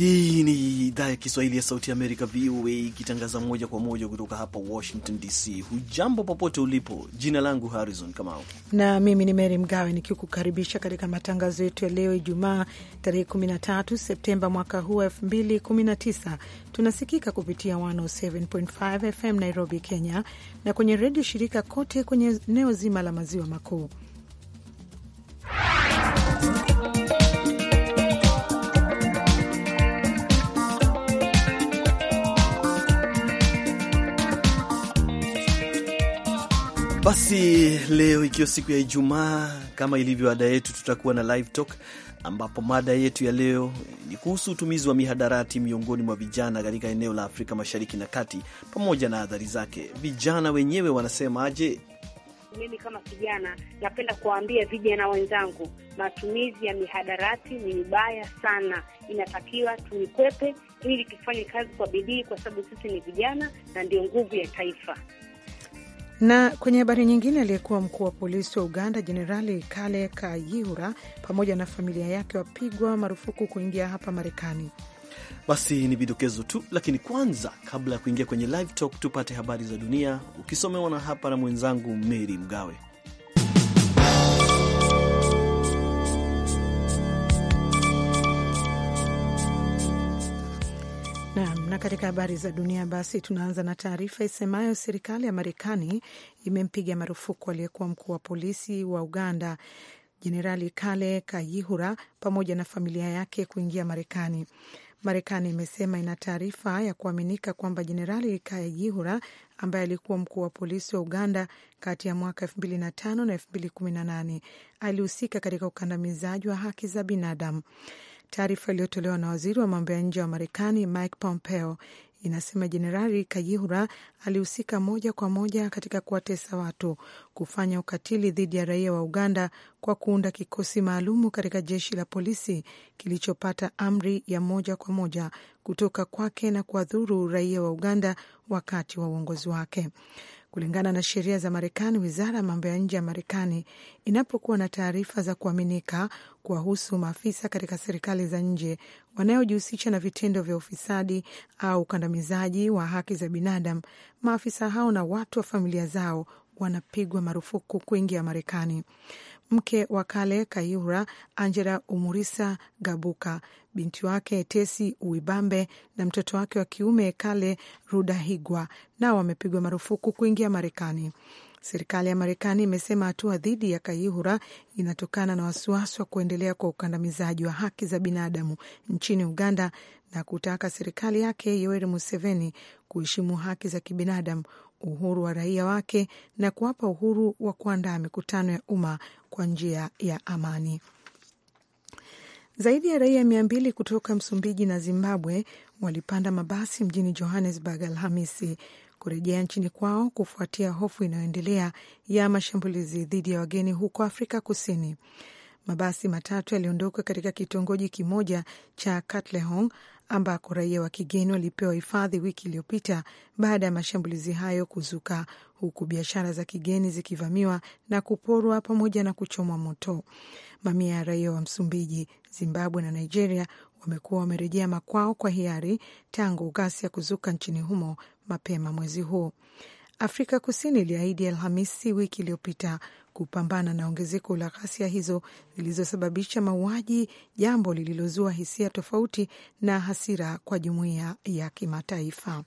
Hii ni idhaa ya Kiswahili ya Sauti ya Amerika, VOA, ikitangaza moja kwa moja kutoka hapa Washington DC. Hujambo popote ulipo, jina langu Harrison Kamau na mimi ni Mary Mgawe nikikukaribisha katika matangazo yetu ya leo Ijumaa tarehe 13 Septemba mwaka huu 2019. Tunasikika kupitia 107.5 FM Nairobi, Kenya, na kwenye redio shirika kote kwenye eneo zima la maziwa makuu Basi leo ikiwa siku ya Ijumaa, kama ilivyo ada yetu, tutakuwa na live talk, ambapo mada yetu ya leo ni kuhusu utumizi wa mihadarati miongoni mwa vijana katika eneo la Afrika Mashariki na Kati, pamoja na adhari zake. Vijana wenyewe wanasemaje? Mimi kama kijana napenda kuwaambia vijana wenzangu, matumizi ya mihadarati ni mibaya sana, inatakiwa tuikwepe ili tufanye kazi kwa bidii, kwa sababu sisi ni vijana na ndio nguvu ya taifa. Na kwenye habari nyingine, aliyekuwa mkuu wa polisi wa Uganda Jenerali Kale Kayihura pamoja na familia yake wapigwa marufuku kuingia hapa Marekani. Basi ni vidokezo tu, lakini kwanza, kabla ya kuingia kwenye live talk, tupate habari za dunia ukisomewa na hapa na mwenzangu Meri Mgawe. Na katika habari za dunia basi, tunaanza na taarifa isemayo serikali ya Marekani imempiga marufuku aliyekuwa mkuu wa polisi wa Uganda Jenerali Kale Kayihura pamoja na familia yake kuingia Marekani. Marekani imesema ina taarifa ya kuaminika kwamba Jenerali Kayihura ambaye alikuwa mkuu wa polisi wa Uganda kati ya mwaka 2005 na 2018 alihusika katika ukandamizaji wa haki za binadamu. Taarifa iliyotolewa na waziri wa mambo ya nje wa Marekani Mike Pompeo inasema Jenerali Kayihura alihusika moja kwa moja katika kuwatesa watu, kufanya ukatili dhidi ya raia wa Uganda kwa kuunda kikosi maalumu katika jeshi la polisi kilichopata amri ya moja kwa moja kutoka kwake na kuwadhuru raia wa Uganda wakati wa uongozi wake. Kulingana na sheria za Marekani, wizara ya mambo ya nje ya Marekani inapokuwa na taarifa za kuaminika kuwahusu maafisa katika serikali za nje wanayojihusisha na vitendo vya ufisadi au ukandamizaji wa haki za binadamu, maafisa hao na watu wa familia zao wanapigwa marufuku kuingia Marekani mke wa Kale Kayihura, Angela Umurisa Gabuka, binti wake Tesi Uibambe na mtoto wake wa kiume Kale Rudahigwa nao wamepigwa marufuku kuingia Marekani. Serikali ya Marekani imesema hatua dhidi ya Kayihura inatokana na wasiwasi wa kuendelea kwa ukandamizaji wa haki za binadamu nchini Uganda na kutaka serikali yake Yoweri Museveni kuheshimu haki za kibinadamu uhuru wa raia wake na kuwapa uhuru wa kuandaa mikutano ya umma kwa njia ya amani. Zaidi ya raia mia mbili kutoka Msumbiji na Zimbabwe walipanda mabasi mjini Johannesburg Alhamisi kurejea nchini kwao kufuatia hofu inayoendelea ya mashambulizi dhidi ya wageni huko Afrika Kusini. Mabasi matatu yaliondoka katika kitongoji kimoja cha Katlehong ambako raia wa kigeni walipewa hifadhi wiki iliyopita baada ya mashambulizi hayo kuzuka, huku biashara za kigeni zikivamiwa na kuporwa pamoja na kuchomwa moto. Mamia ya raia wa Msumbiji, Zimbabwe na Nigeria wamekuwa wamerejea makwao kwa hiari tangu ghasia kuzuka nchini humo mapema mwezi huu. Afrika Kusini iliahidi Alhamisi wiki iliyopita kupambana na ongezeko la ghasia hizo zilizosababisha mauaji, jambo lililozua hisia tofauti na hasira kwa jumuiya ya kimataifa.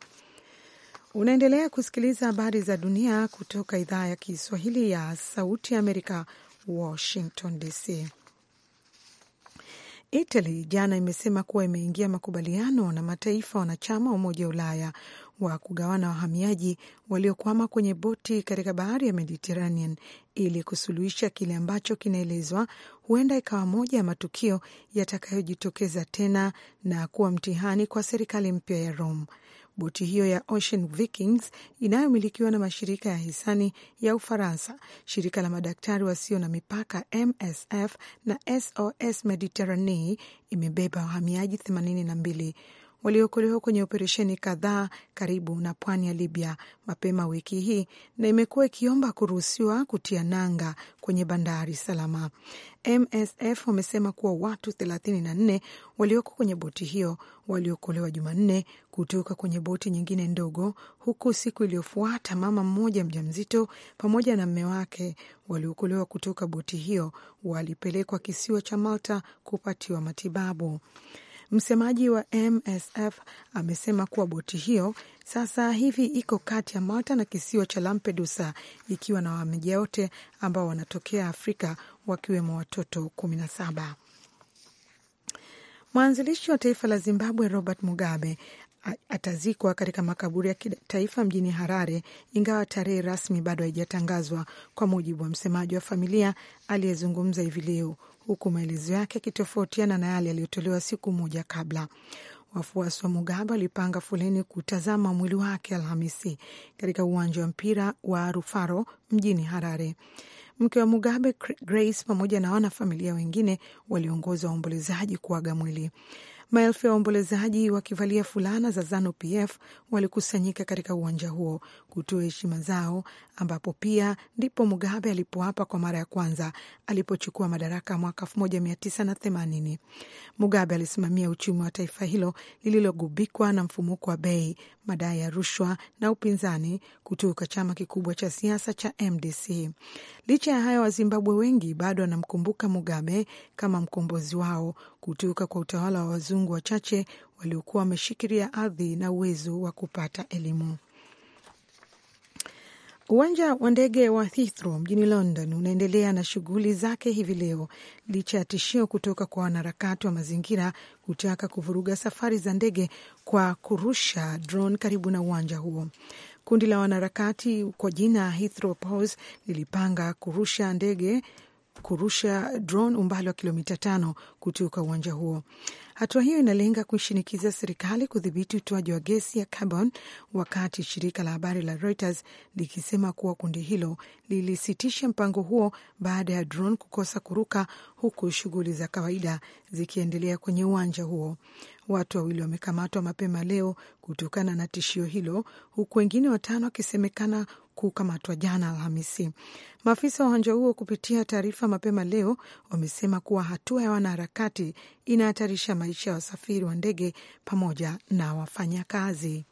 Unaendelea kusikiliza habari za dunia kutoka idhaa ya Kiswahili ya Sauti ya Amerika, Washington DC. Italy jana imesema kuwa imeingia makubaliano na mataifa wanachama wa Umoja wa Ulaya wa kugawana wahamiaji waliokwama kwenye boti katika bahari ya Mediterranean ili kusuluhisha kile ambacho kinaelezwa huenda ikawa moja ya matukio yatakayojitokeza tena na kuwa mtihani kwa serikali mpya ya Rome. Boti hiyo ya Ocean Vikings inayomilikiwa na mashirika ya hisani ya Ufaransa, shirika la madaktari wasio na mipaka MSF na SOS Mediterranee imebeba wahamiaji 82 waliokolewa kwenye operesheni kadhaa karibu na pwani ya Libya mapema wiki hii na imekuwa ikiomba kuruhusiwa kutia nanga kwenye bandari salama. MSF wamesema kuwa watu 34 walioko kwenye boti hiyo waliokolewa Jumanne kutoka kwenye boti nyingine ndogo, huku siku iliyofuata mama mmoja mjamzito pamoja na mme wake waliokolewa kutoka boti hiyo walipelekwa kisiwa cha Malta kupatiwa matibabu. Msemaji wa MSF amesema kuwa boti hiyo sasa hivi iko kati ya Malta na kisiwa cha Lampedusa ikiwa na wahamiaji wote ambao wanatokea Afrika wakiwemo watoto kumi na saba. Mwanzilishi wa taifa la Zimbabwe Robert Mugabe atazikwa katika makaburi ya kitaifa mjini Harare, ingawa tarehe rasmi bado haijatangazwa, kwa mujibu wa msemaji wa familia aliyezungumza hivi leo, huku maelezo yake yakitofautiana na yale yaliyotolewa siku moja kabla. Wafuasi wa Mugabe walipanga foleni kutazama mwili wake Alhamisi katika uwanja wa mpira wa Rufaro mjini Harare. Mke wa Mugabe, Grace, pamoja na wanafamilia wengine waliongoza waombolezaji kuaga mwili. Maelfu ya waombolezaji wakivalia fulana za ZANU PF walikusanyika katika uwanja huo kutoa heshima zao, ambapo pia ndipo Mugabe alipoapa kwa mara ya kwanza alipochukua madaraka mwaka 1980. Mugabe alisimamia uchumi wa taifa hilo lililogubikwa na mfumuko wa bei, madai ya rushwa na upinzani kutoka chama kikubwa cha siasa cha MDC. Licha ya hayo, Wazimbabwe wengi bado wanamkumbuka Mugabe kama mkombozi wao kutoka kwa utawala wa wazungu wachache waliokuwa wameshikilia ardhi na uwezo wa kupata elimu. Uwanja wa ndege wa Heathrow mjini London unaendelea na shughuli zake hivi leo licha ya tishio kutoka kwa wanaharakati wa mazingira kutaka kuvuruga safari za ndege kwa kurusha drone karibu na uwanja huo. Kundi la wanaharakati kwa jina Heathrow Pause lilipanga kurusha ndege kurusha drone umbali wa kilomita tano kutoka uwanja huo. Hatua hiyo inalenga kuishinikiza serikali kudhibiti utoaji wa gesi ya carbon, wakati shirika la habari la Reuters likisema kuwa kundi hilo lilisitisha mpango huo baada ya drone kukosa kuruka, huku shughuli za kawaida zikiendelea kwenye uwanja huo. Watu wawili wamekamatwa mapema leo kutokana na tishio hilo, huku wengine watano wakisemekana kukamatwa jana Alhamisi. Maafisa wa uwanja huo kupitia taarifa mapema leo wamesema kuwa hatua ya wanaharakati inahatarisha maisha ya wasafiri wa ndege pamoja na wafanyakazi.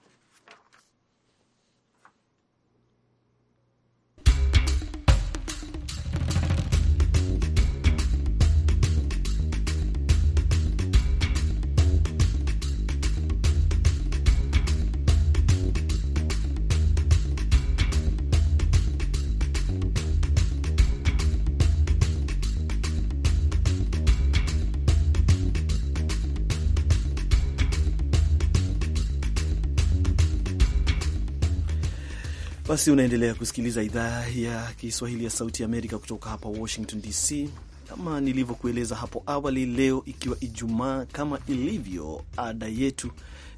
Basi unaendelea kusikiliza idhaa ya Kiswahili ya Sauti ya Amerika kutoka hapa Washington DC. Kama nilivyokueleza hapo awali, leo ikiwa Ijumaa, kama ilivyo ada yetu,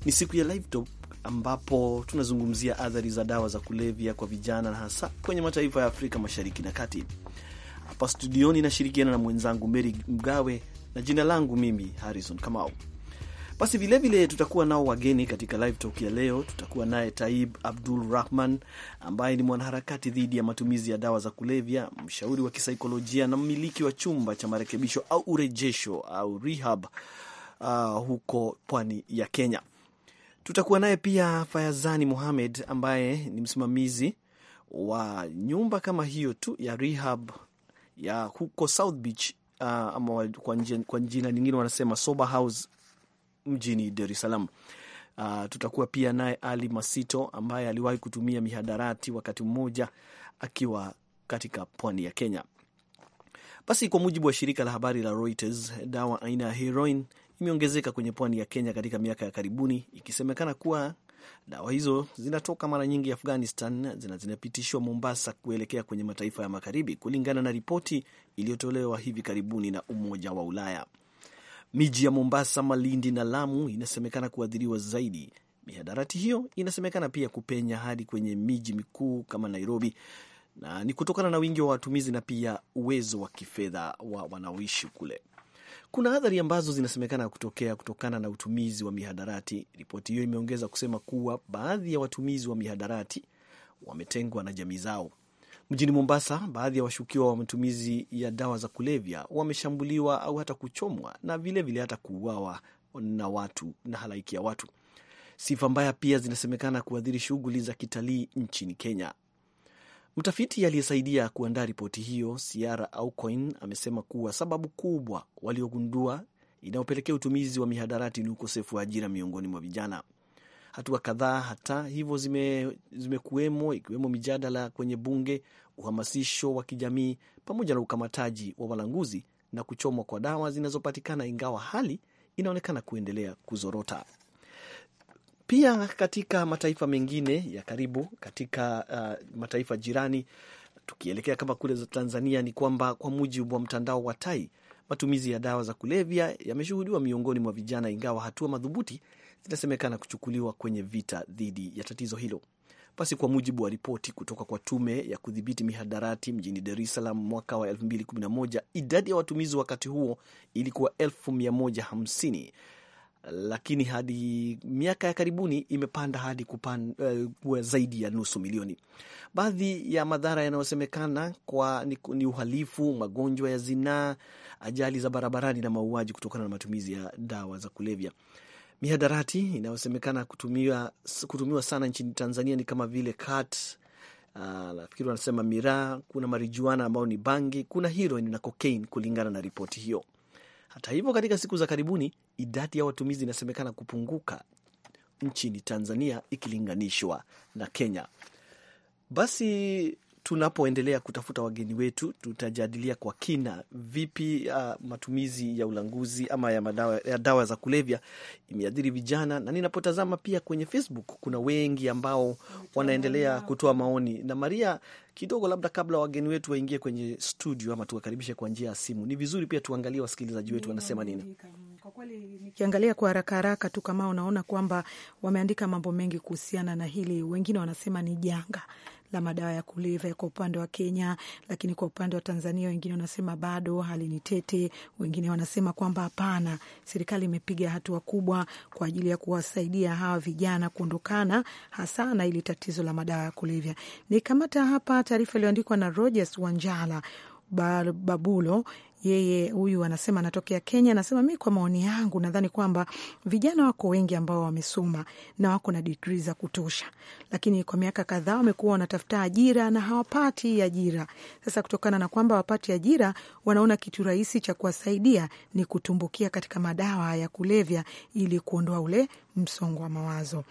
ni siku ya Live Talk ambapo tunazungumzia athari za dawa za kulevya kwa vijana na hasa kwenye mataifa ya Afrika Mashariki na Kati. Hapa studioni nashirikiana na mwenzangu mery Mgawe na jina langu mimi Harrison Kamau. Basi vilevile tutakuwa nao wageni katika live talk ya leo. Tutakuwa naye Taib Abdul Rahman ambaye ni mwanaharakati dhidi ya matumizi ya dawa za kulevya, mshauri wa kisaikolojia na mmiliki wa chumba cha marekebisho au urejesho au rehab uh, huko pwani ya Kenya. Tutakuwa naye pia Fayazani Muhamed ambaye ni msimamizi wa nyumba kama hiyo tu ya rehab ya huko South Beach, uh, ama kwa jina lingine wanasema sober house mjini Dar es Salaam. Uh, tutakuwa pia naye Ali Masito ambaye aliwahi kutumia mihadarati wakati mmoja akiwa katika pwani ya Kenya. Basi, kwa mujibu wa shirika la habari la Reuters, dawa aina ya heroin imeongezeka kwenye pwani ya Kenya katika miaka ya karibuni, ikisemekana kuwa dawa hizo zinatoka mara nyingi Afghanistan na zinapitishwa Mombasa kuelekea kwenye mataifa ya magharibi, kulingana na ripoti iliyotolewa hivi karibuni na Umoja wa Ulaya. Miji ya Mombasa, Malindi na Lamu inasemekana kuathiriwa zaidi. Mihadarati hiyo inasemekana pia kupenya hadi kwenye miji mikuu kama Nairobi, na ni kutokana na wingi wa watumizi na pia uwezo wa kifedha wa wanaoishi kule. Kuna athari ambazo zinasemekana kutokea kutokana na utumizi wa mihadarati. Ripoti hiyo imeongeza kusema kuwa baadhi ya watumizi wa mihadarati wametengwa na jamii zao. Mjini Mombasa, baadhi ya washukiwa wa matumizi ya dawa za kulevya wameshambuliwa au hata kuchomwa na vilevile vile hata kuuawa na watu na halaiki ya watu. Sifa mbaya pia zinasemekana kuathiri shughuli za kitalii nchini Kenya. Mtafiti aliyesaidia kuandaa ripoti hiyo Siara Aucoin amesema kuwa sababu kubwa waliogundua inayopelekea utumizi wa mihadarati ni ukosefu wa ajira miongoni mwa vijana. Hatua kadhaa hata hivyo zimekuwemo zime ikiwemo mijadala kwenye bunge, uhamasisho wa kijamii, pamoja na ukamataji wa walanguzi na kuchomwa kwa dawa zinazopatikana, ingawa hali inaonekana kuendelea kuzorota. Pia katika mataifa mengine ya karibu, katika uh, mataifa jirani, tukielekea kama kule za Tanzania, ni kwamba kwa mujibu wa mtandao wa Tai, matumizi ya dawa za kulevya yameshuhudiwa miongoni mwa vijana, ingawa hatua madhubuti zinasemekana kuchukuliwa kwenye vita dhidi ya tatizo hilo. Basi kwa mujibu wa ripoti kutoka kwa tume ya kudhibiti mihadarati mjini Dar es Salaam mwaka wa 2011 idadi ya watumizi wakati huo ilikuwa 150 lakini hadi miaka ya karibuni imepanda hadi eh, kuwa zaidi ya nusu milioni. Baadhi ya madhara yanayosemekana kwa ni, ni uhalifu, magonjwa ya zinaa, ajali za barabarani na mauaji kutokana na matumizi ya dawa za kulevya mihadarati inayosemekana kutumiwa, kutumiwa sana nchini Tanzania ni kama vile kat ah, nafikiri wanasema miraa, kuna marijuana ambayo ni bangi, kuna heroin na cocaine kulingana na ripoti hiyo. Hata hivyo, katika siku za karibuni idadi ya watumizi inasemekana kupunguka nchini Tanzania ikilinganishwa na Kenya. Basi tunapoendelea kutafuta wageni wetu, tutajadilia kwa kina vipi uh, matumizi ya ulanguzi ama ya, madawa, ya dawa za kulevya imeathiri vijana. Na ninapotazama pia kwenye Facebook kuna wengi ambao wanaendelea kutoa maoni. Na Maria, kidogo labda kabla wageni wetu waingie kwenye studio ama tuwakaribishe kwa njia ya simu, ni vizuri pia tuangalie wasikilizaji wetu wanasema nini. Kwa kweli nikiangalia kwa haraka haraka tu, kama unaona kwamba wameandika mambo mengi kuhusiana na hili, wengine wanasema ni janga la madawa ya kulevya kwa upande wa Kenya, lakini kwa upande wa Tanzania wengine wanasema bado hali ni tete, wengine wanasema kwamba hapana, serikali imepiga hatua kubwa kwa ajili ya kuwasaidia hawa vijana kuondokana hasa na ili tatizo la madawa ya kulevya. Nikamata hapa taarifa iliyoandikwa na Rogers Wanjala Babulo yeye huyu anasema anatokea Kenya, anasema mi kwa maoni yangu nadhani kwamba vijana wako wengi ambao wamesoma na wako na digri za kutosha, lakini kwa miaka kadhaa wamekuwa wanatafuta ajira na hawapati ajira. Sasa kutokana na kwamba hawapati ajira, wanaona kitu rahisi cha kuwasaidia ni kutumbukia katika madawa ya kulevya ili kuondoa ule msongo wa mawazo.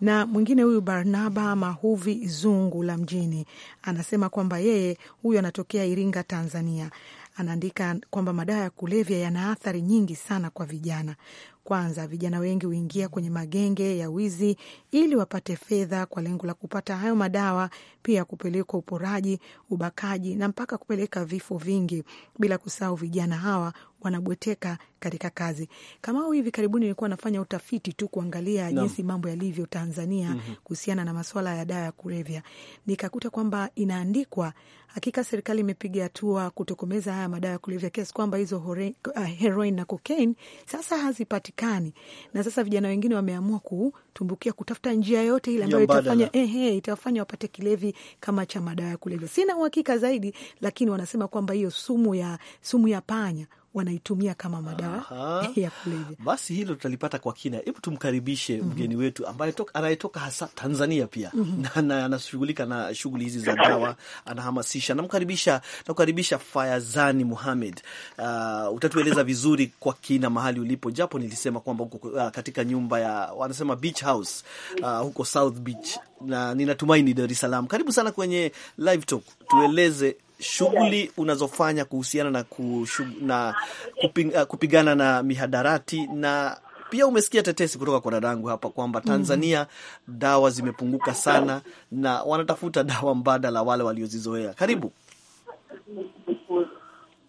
Na mwingine huyu Barnaba Mahuvi Zungu la mjini anasema kwamba yeye huyu anatokea Iringa, Tanzania anaandika kwamba madawa ya kulevya yana athari nyingi sana kwa vijana. Kwanza, vijana wengi huingia kwenye magenge ya wizi ili wapate fedha kwa lengo la kupata hayo madawa, pia kupelekwa uporaji, ubakaji na mpaka kupeleka vifo vingi, bila kusahau vijana hawa wanabweteka katika kazi kama. au. Hivi karibuni nilikuwa nafanya utafiti tu kuangalia no. jinsi mambo yalivyo Tanzania mm -hmm. kuhusiana na masuala ya dawa ya kulevya, nikakuta kwamba inaandikwa hakika serikali imepiga hatua kutokomeza haya madawa ya kulevya kiasi kwamba hizo uh, heroin na cocaine sasa hazipati havipatikani, na sasa vijana wengine wameamua kutumbukia kutafuta njia yote ile ambayo itafanya ehe, itawafanya wapate kilevi kama cha madawa ya kulevya. Sina uhakika zaidi, lakini wanasema kwamba hiyo sumu ya sumu ya panya wanaitumia kama madawa ya kulevya. Basi hilo tutalipata kwa kina. Hebu tumkaribishe mm -hmm. mgeni wetu ambaye anayetoka hasa Tanzania pia mm -hmm. na anashughulika na, na shughuli hizi za dawa, anahamasisha. Namkaribisha, nakukaribisha Fayazani Muhamed. Uh, utatueleza vizuri kwa kina mahali ulipo, japo nilisema kwamba uko uh, katika nyumba ya wanasema beach house uh, huko South Beach, na ninatumaini daressalam Dar es Salaam. Karibu sana kwenye live talk, tueleze shughuli unazofanya kuhusiana na, kushug, na kuping, uh, kupigana na mihadarati na pia umesikia tetesi kutoka kwa dadangu hapa kwamba mm-hmm. Tanzania dawa zimepunguka sana na wanatafuta dawa mbadala wale waliozizoea. Karibu.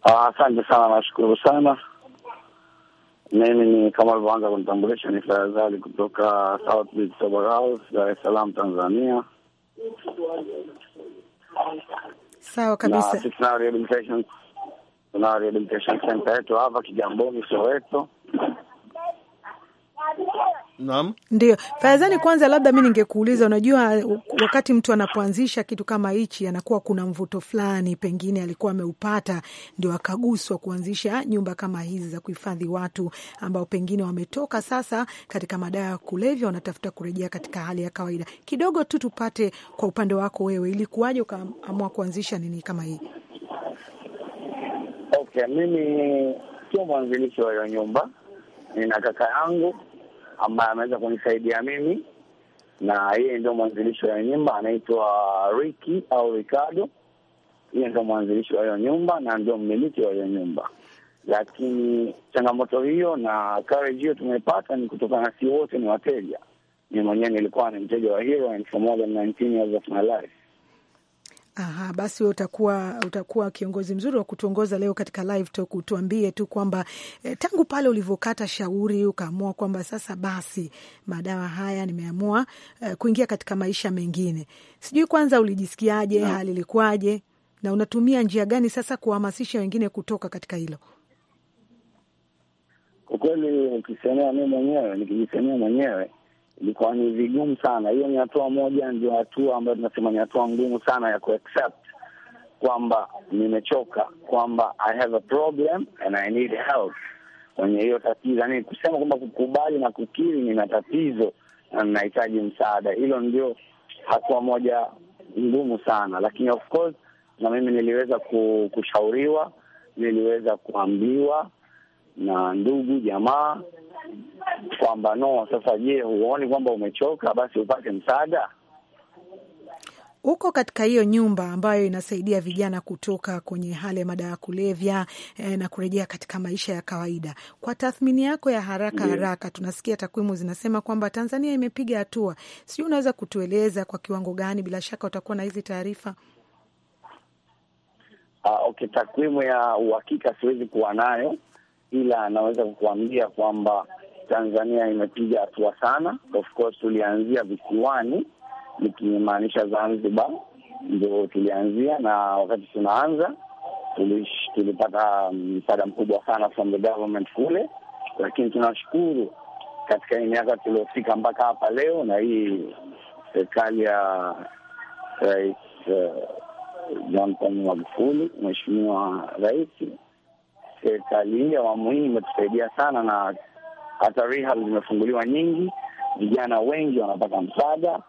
Ah, asante ah, sana, nashukuru sana. Mimi ni kama alivyoanza kunitambulisha, ni Fayazali kutoka South Beach Sober House, Dar es Salaam, Tanzania. Sawa kabisa. Na sisi tuna rehabilitation tuna rehabilitation center yetu hapa Kigamboni Soweto Naam, ndio Fayazani, kwanza labda mi ningekuuliza, unajua wakati mtu anapoanzisha kitu kama hichi anakuwa kuna mvuto fulani, pengine alikuwa ameupata ndio akaguswa kuanzisha nyumba kama hizi za kuhifadhi watu ambao pengine wametoka sasa katika madawa ya kulevya, wanatafuta kurejea katika hali ya kawaida. Kidogo tu tupate kwa upande wako wewe, ilikuwaje ukaamua kuanzisha nini kama hii? Okay, mimi sio mwanzilishi wa hiyo nyumba, nina kaka yangu ambaye ameweza kunisaidia mimi, na yeye ndio mwanzilishi wa nyumba, anaitwa Ricky au Ricardo. Yeye ndio mwanzilishi wa hiyo nyumba na ndio mmiliki wa hiyo nyumba, lakini changamoto hiyo na courage hiyo tumepata ni kutokana, si wote ni wateja. Mimi mwenyewe nilikuwa ni mteja wa hiyo and for more than 19 years of my life Aha, basi wewe utakuwa utakuwa kiongozi mzuri wa kutuongoza leo katika live talk. Utuambie tu kwamba eh, tangu pale ulivyokata shauri ukaamua kwamba sasa basi madawa haya nimeamua eh, kuingia katika maisha mengine, sijui kwanza ulijisikiaje? no. hali ilikuwaje, na unatumia njia gani sasa kuhamasisha wengine kutoka katika hilo? Kwa kweli ukisemea mi mwenyewe nikijisemea mwenyewe ilikuwa ni vigumu sana. Hiyo ni hatua moja, ndio hatua ambayo tunasema ni hatua ngumu sana ya kuaccept kwamba nimechoka, kwamba I have a problem and I need help kwenye hiyo tatizo, yaani kusema kwamba kukubali na kukiri nina tatizo na ninahitaji msaada. Hilo ndio hatua moja ngumu sana, lakini of course na mimi niliweza kushauriwa, niliweza kuambiwa na ndugu jamaa kwamba no. Sasa je, huoni kwamba umechoka? Basi upate msaada. Uko katika hiyo nyumba ambayo inasaidia vijana kutoka kwenye hali ya madawa ya kulevya eh, na kurejea katika maisha ya kawaida. Kwa tathmini yako ya haraka yeah, haraka, tunasikia takwimu zinasema kwamba Tanzania imepiga hatua, sijui unaweza kutueleza kwa kiwango gani? Bila shaka utakuwa na hizi taarifa. Uh, okay, takwimu ya uhakika siwezi kuwa nayo ila anaweza kukuambia kwamba Tanzania imepiga hatua sana. Of course tulianzia visiwani, nikimaanisha Zanzibar ndio tulianzia, na wakati tunaanza tulish, tulipata msaada mkubwa sana from the government kule, lakini tunashukuru katika hii miaka tuliofika mpaka hapa leo na hii serikali ya Rais eh, John Pombe Magufuli, Mheshimiwa Rais serikali hii awamu hii imetusaidia sana, na hata rehab zimefunguliwa nyingi, vijana wengi wanapata msaada,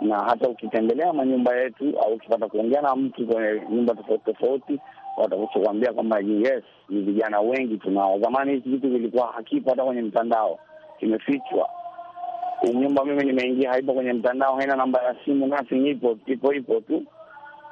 na hata ukitembelea manyumba yetu au ukipata kuongea na mtu kwenye nyumba tofauti tofauti, watakuambia kwamba yes, ni vijana wengi tunao. Zamani hizi vitu vilikuwa hakipo, hata kwenye mtandao kimefichwa. Nyumba mimi nimeingia haipo kwenye mtandao, haina namba ya simu, nothing, ipo ipo ipo tu.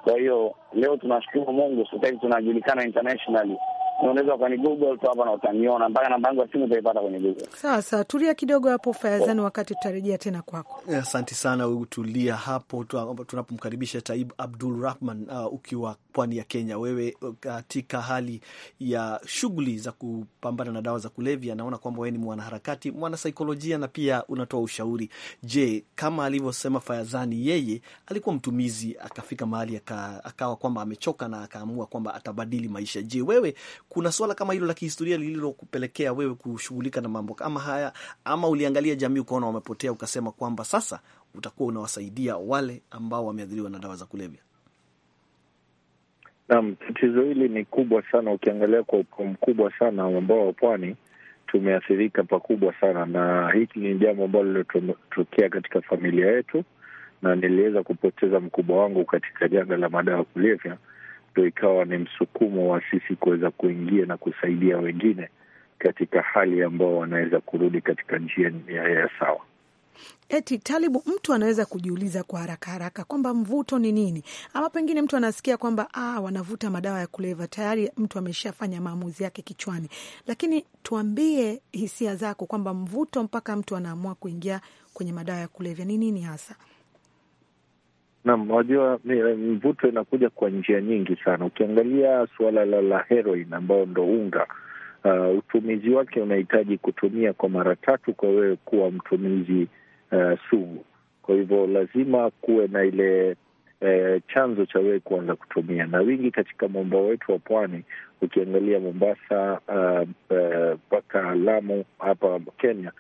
Kwa hiyo leo tunashukuru Mungu, sasa hivi tunajulikana internationally unaweza ukani google tu hapa na utaniona, mpaka namba yangu ya simu utaipata kwenye google. Sawa sawa, tulia kidogo hapo Fayazani, wakati tutarejea tena kwako. Eh, asante sana, tulia hapo tunapomkaribisha Taib Abdul Rahman uh, ukiwa pwani ya Kenya. Wewe uh, katika hali ya shughuli za kupambana na dawa za kulevya, naona kwamba wewe ni mwanaharakati, mwanasaikolojia na pia unatoa ushauri. Je, kama alivyosema Fayazani, yeye alikuwa mtumizi akafika mahali akawa kwamba amechoka na akaamua kwamba atabadili maisha. Je, wewe kuna swala kama hilo la kihistoria lililokupelekea wewe kushughulika na mambo kama haya, ama uliangalia jamii ukaona wamepotea, ukasema kwamba sasa utakuwa unawasaidia wale ambao wameathiriwa na dawa za kulevya? Naam, tatizo hili ni kubwa sana, ukiangalia kwa ukubwa mkubwa sana ambao wa pwani tumeathirika pakubwa sana, na hiki ni jambo ambalo lilotokea katika familia yetu, na niliweza kupoteza mkubwa wangu katika janga la madawa kulevya ndo ikawa ni msukumo wa sisi kuweza kuingia na kusaidia wengine katika hali ambao wanaweza kurudi katika njia ya sawa. Eti Talibu, mtu anaweza kujiuliza kwa haraka haraka kwamba mvuto ni nini, ama pengine mtu anasikia kwamba ah, wanavuta madawa ya kulevya tayari, mtu ameshafanya maamuzi yake kichwani. Lakini tuambie hisia zako kwamba mvuto mpaka mtu anaamua kuingia kwenye madawa ya kulevya ni nini hasa? Naam, unajua mvuto inakuja kwa njia nyingi sana. Ukiangalia suala la la heroin ambao ndo unga uh, utumizi wake unahitaji kutumia kwa mara tatu kwa wewe kuwa mtumizi uh, sugu. Kwa hivyo lazima kuwe na ile eh, chanzo cha wewe kuanza kutumia, na wingi katika mwambao wetu wa pwani, ukiangalia Mombasa mpaka uh, uh, Lamu hapa Kenya,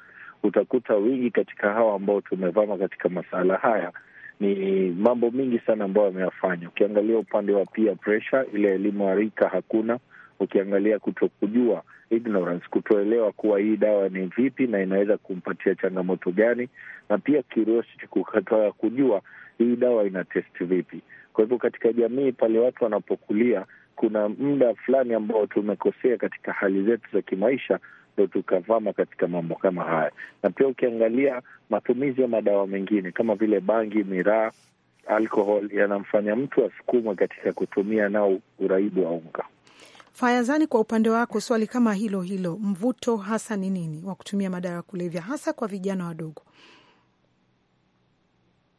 utakuta wingi katika hawa ambao tumevama katika masala haya ni mambo mingi sana ambayo ameyafanya. Ukiangalia upande wa peer pressure, ile elimu arika hakuna. Ukiangalia kutokujua, ignorance, kutoelewa kuwa hii dawa ni vipi na inaweza kumpatia changamoto gani, na pia curiosity, kukataa kujua hii dawa ina test vipi. Kwa hivyo katika jamii pale watu wanapokulia, kuna muda fulani ambao tumekosea katika hali zetu za kimaisha ndo tukavama katika mambo kama haya. Na pia ukiangalia matumizi ya madawa mengine kama vile bangi, miraa, alkohol yanamfanya mtu asukumwe katika kutumia nao uraibu wa unga. Fayazani, kwa upande wako swali kama hilo hilo, mvuto hasa ni nini wa kutumia madawa ya kulevya hasa kwa vijana wadogo?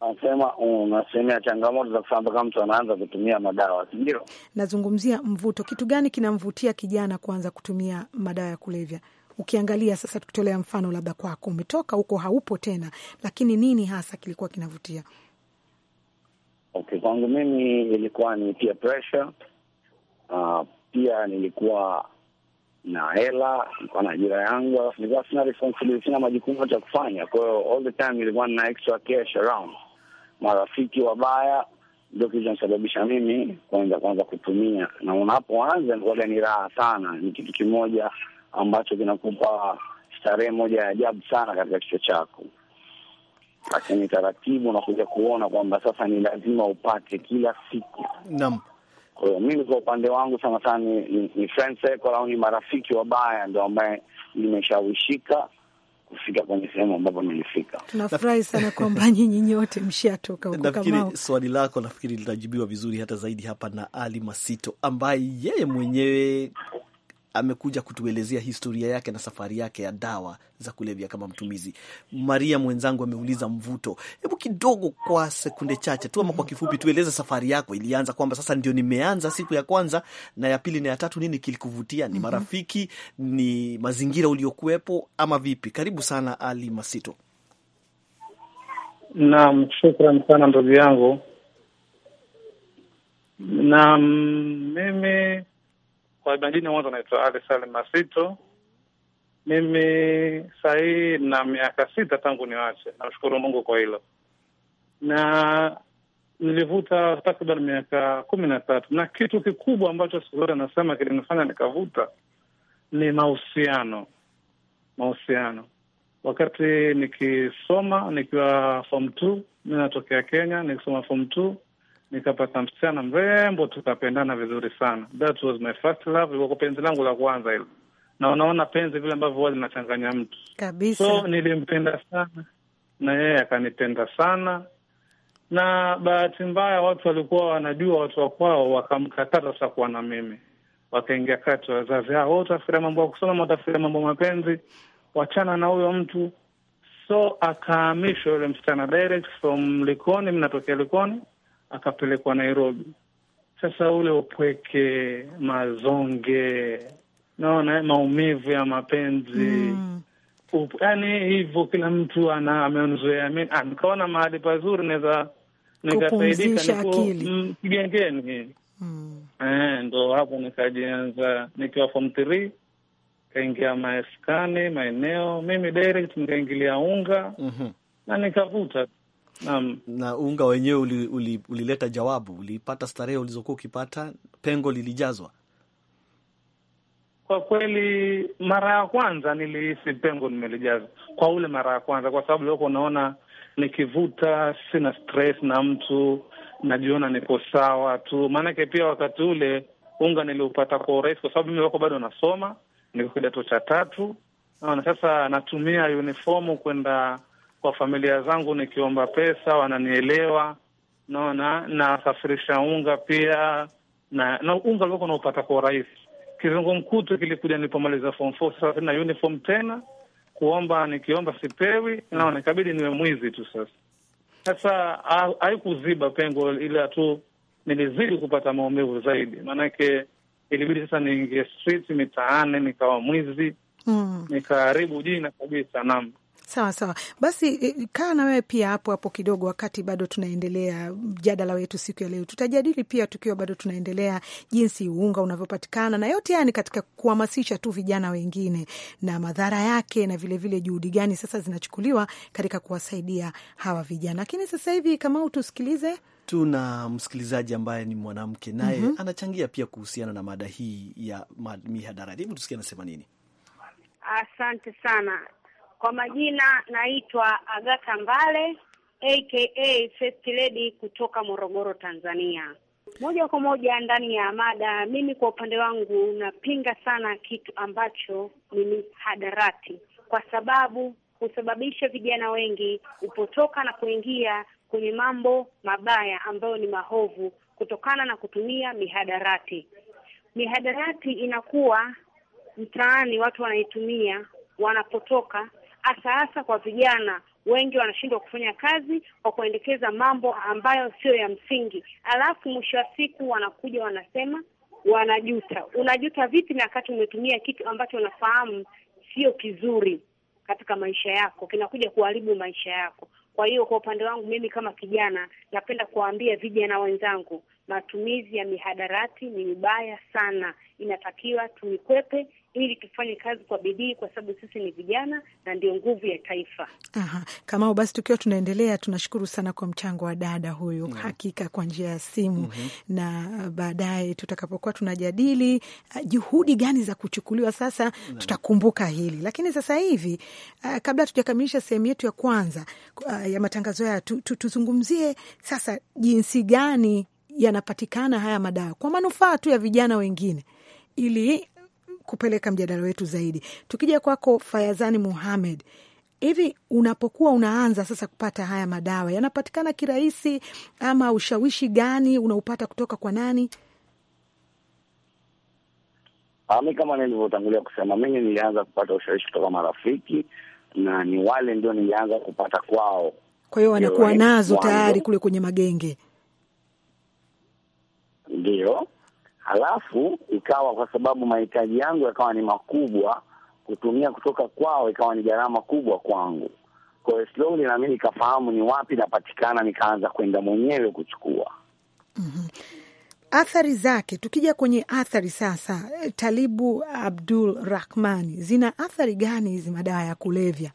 Nasema unasemea mm, changamoto za kusamba kama mtu anaanza kutumia madawa, si ndio? Nazungumzia mvuto, kitu gani kinamvutia kijana kuanza kutumia madawa ya kulevya? ukiangalia sasa, tukitolea mfano labda kwako, umetoka huko, haupo tena, lakini nini hasa kilikuwa kinavutia? Okay, kwangu mimi ilikuwa ni peer pressure. Uh, pia nilikuwa na hela, nilikuwa na ajira yangu, alafu nilikuwa sina responsibility, sina majukumu yote ya kufanya. Kwa hiyo all the time nilikuwa nina extra cash around. Marafiki wabaya ndio kilichonisababisha mimi kwanza kwanza kutumia, na unapoanza ni raha sana, ni kitu kimoja ambacho kinakupa starehe moja ya ajabu sana katika kichwa chako, lakini taratibu unakuja kuona kwamba sasa ni lazima upate kila siku. Naam. Kwa hiyo mimi kwa upande wangu sana sana ni, ni, ni friend circle au ni marafiki wabaya ndio ambaye nimeshawishika kufika kwenye sehemu ambapo nilifika. Tunafurahi sana kwamba nyinyi nyote mshatoka huko. Nafikiri swali lako nafikiri litajibiwa vizuri hata zaidi hapa na Ali Masito ambaye yeye mwenyewe amekuja kutuelezea historia yake na safari yake ya dawa za kulevya kama mtumizi. Maria mwenzangu ameuliza mvuto. Hebu kidogo, kwa sekunde chache tu ama kwa kifupi, tueleze safari yako ilianza, kwamba sasa ndio nimeanza siku ya kwanza na ya pili na ya tatu, nini kilikuvutia? Ni mhm. marafiki, ni mazingira uliokuwepo ama vipi? Karibu sana Ali Masito. Naam, shukran sana ndugu yangu. Naam, mimi kwa majina mwanzo naitwa Ali Salim Masito. Mimi sahii na miaka sita tangu niwache, namshukuru Mungu kwa hilo, na nilivuta takriban miaka kumi na tatu, na kitu kikubwa ambacho siku zote anasema kilinifanya nikavuta ni mahusiano. Mahusiano wakati nikisoma nikiwa form two, mi natokea Kenya, nikisoma form two nikapata msichana mrembo, tukapendana vizuri sana. That was my first love, ilikuwa penzi langu la kwanza hilo. Na unaona penzi vile ambavyo huwa linachanganya mtu kabisa. So nilimpenda sana na yeye akanipenda sana, na bahati mbaya watu walikuwa wanajua watu wa kwao, wakamkataza sasa kuwa na mimi, wakaingia kati wazazi hao, ah, utafikiria mambo ya kusoma, utafikiria mambo mapenzi, wachana na huyo mtu. So akahamishwa yule msichana direct from Likoni, mnatokea Likoni akapelekwa Nairobi. Sasa ule upweke, mazonge, naona maumivu ya mapenzi mm. Up, yani hivyo kila mtu ana amemzoea. Ah, nikaona mahali pazuri naweza nikasaidika mm, Kigengeni mm. Eh, ndo hapo nikajianza nikiwa form three kaingia maeskani maeneo, mimi direct nikaingilia unga mm -hmm. na nikavuta um, na unga wenyewe uli, uli, ulileta jawabu, ulipata starehe ulizokuwa ukipata, pengo lilijazwa. Kwa kweli, mara ya kwanza nilihisi pengo nimelijaza kwa ule mara ya kwanza, kwa sababu loko unaona nikivuta sina stress na mtu, najiona niko sawa tu. Maanake pia wakati ule unga niliupata kwa urahisi, kwa sababu mimi wako bado nasoma, niko kidato cha tatu na sasa natumia unifomu kwenda kwa familia zangu, nikiomba pesa wananielewa, naona nasafirisha unga pia na, na unga ulikuwa unaupata kwa urahisi. Kizungumkutu kilikuja nilipomaliza form four, sasa sina uniform tena kuomba, nikiomba sipewi, naona ikabidi niwe mwizi tu. Sasa sasa haikuziba pengo, ila tu nilizidi kupata maumivu zaidi, maanake ilibidi sasa niingie street mitaani, nikawa mwizi mm. nikaharibu jina kabisa nam Sawa sawa, basi eh, kaa na wewe pia hapo hapo kidogo, wakati bado tunaendelea mjadala wetu siku ya leo. Tutajadili pia tukiwa bado tunaendelea jinsi unga unavyopatikana na yote, yani katika kuhamasisha tu vijana wengine na madhara yake, na vilevile juhudi gani sasa zinachukuliwa katika kuwasaidia hawa vijana. Lakini sasa hivi kama tusikilize tuna msikilizaji ambaye ni mwanamke naye mm -hmm. anachangia pia kuhusiana na mada hii ya mihadarati. Hebu tusikie anasema nini. Asante sana. Kwa majina naitwa Agata Mbale aka First Lady kutoka Morogoro, Tanzania. Moja kwa moja ndani ya mada, mimi kwa upande wangu napinga sana kitu ambacho ni mihadarati, kwa sababu husababisha vijana wengi kupotoka na kuingia kwenye mambo mabaya ambayo ni mahovu kutokana na kutumia mihadarati. Mihadarati inakuwa mtaani, watu wanaitumia, wanapotoka hasa hasa kwa vijana wengi wanashindwa kufanya kazi kwa kuendekeza mambo ambayo sio ya msingi, alafu mwisho wa siku wanakuja wanasema wanajuta. Unajuta vipi na wakati umetumia kitu ambacho unafahamu sio kizuri katika maisha yako, kinakuja kuharibu maisha yako. Kwa hiyo, kwa upande wangu mimi kama kijana, napenda kuwaambia vijana wenzangu matumizi ya mihadarati ni mibaya sana, inatakiwa tuikwepe ili tufanye kazi kwa bidii, kwa sababu sisi ni vijana na ndio nguvu ya taifa. Aha, Kamau, basi tukiwa tunaendelea, tunashukuru sana kwa mchango wa dada huyu -hmm. Hakika kwa njia ya simu mm -hmm. na uh, baadaye tutakapokuwa tunajadili uh, juhudi gani za kuchukuliwa sasa mm -hmm. tutakumbuka hili, lakini sasa hivi uh, kabla tujakamilisha sehemu yetu ya kwanza uh, ya matangazo haya, tuzungumzie sasa jinsi gani yanapatikana haya madawa kwa manufaa tu ya vijana wengine, ili kupeleka mjadala wetu zaidi. Tukija kwako Fayazani Muhamed, hivi unapokuwa unaanza sasa kupata haya madawa yanapatikana kirahisi, ama ushawishi gani unaupata kutoka kwa nani? Ah, mi kama nilivyotangulia kusema, mimi nilianza kupata ushawishi kutoka marafiki na ni wale ndio nilianza kupata kwao. Kwa hiyo wanakuwa nazo tayari kule kwenye magenge. Ndiyo. Halafu ikawa kwa sababu mahitaji yangu yakawa ni makubwa, kutumia kutoka kwao ikawa ni gharama kubwa kwangu. Kwa hiyo slowly na mimi nikafahamu ni wapi napatikana, nikaanza kwenda mwenyewe kuchukua. mm -hmm. Athari zake, tukija kwenye athari sasa, eh, Talibu Abdul Rahmani, zina athari gani hizi madawa ya kulevya?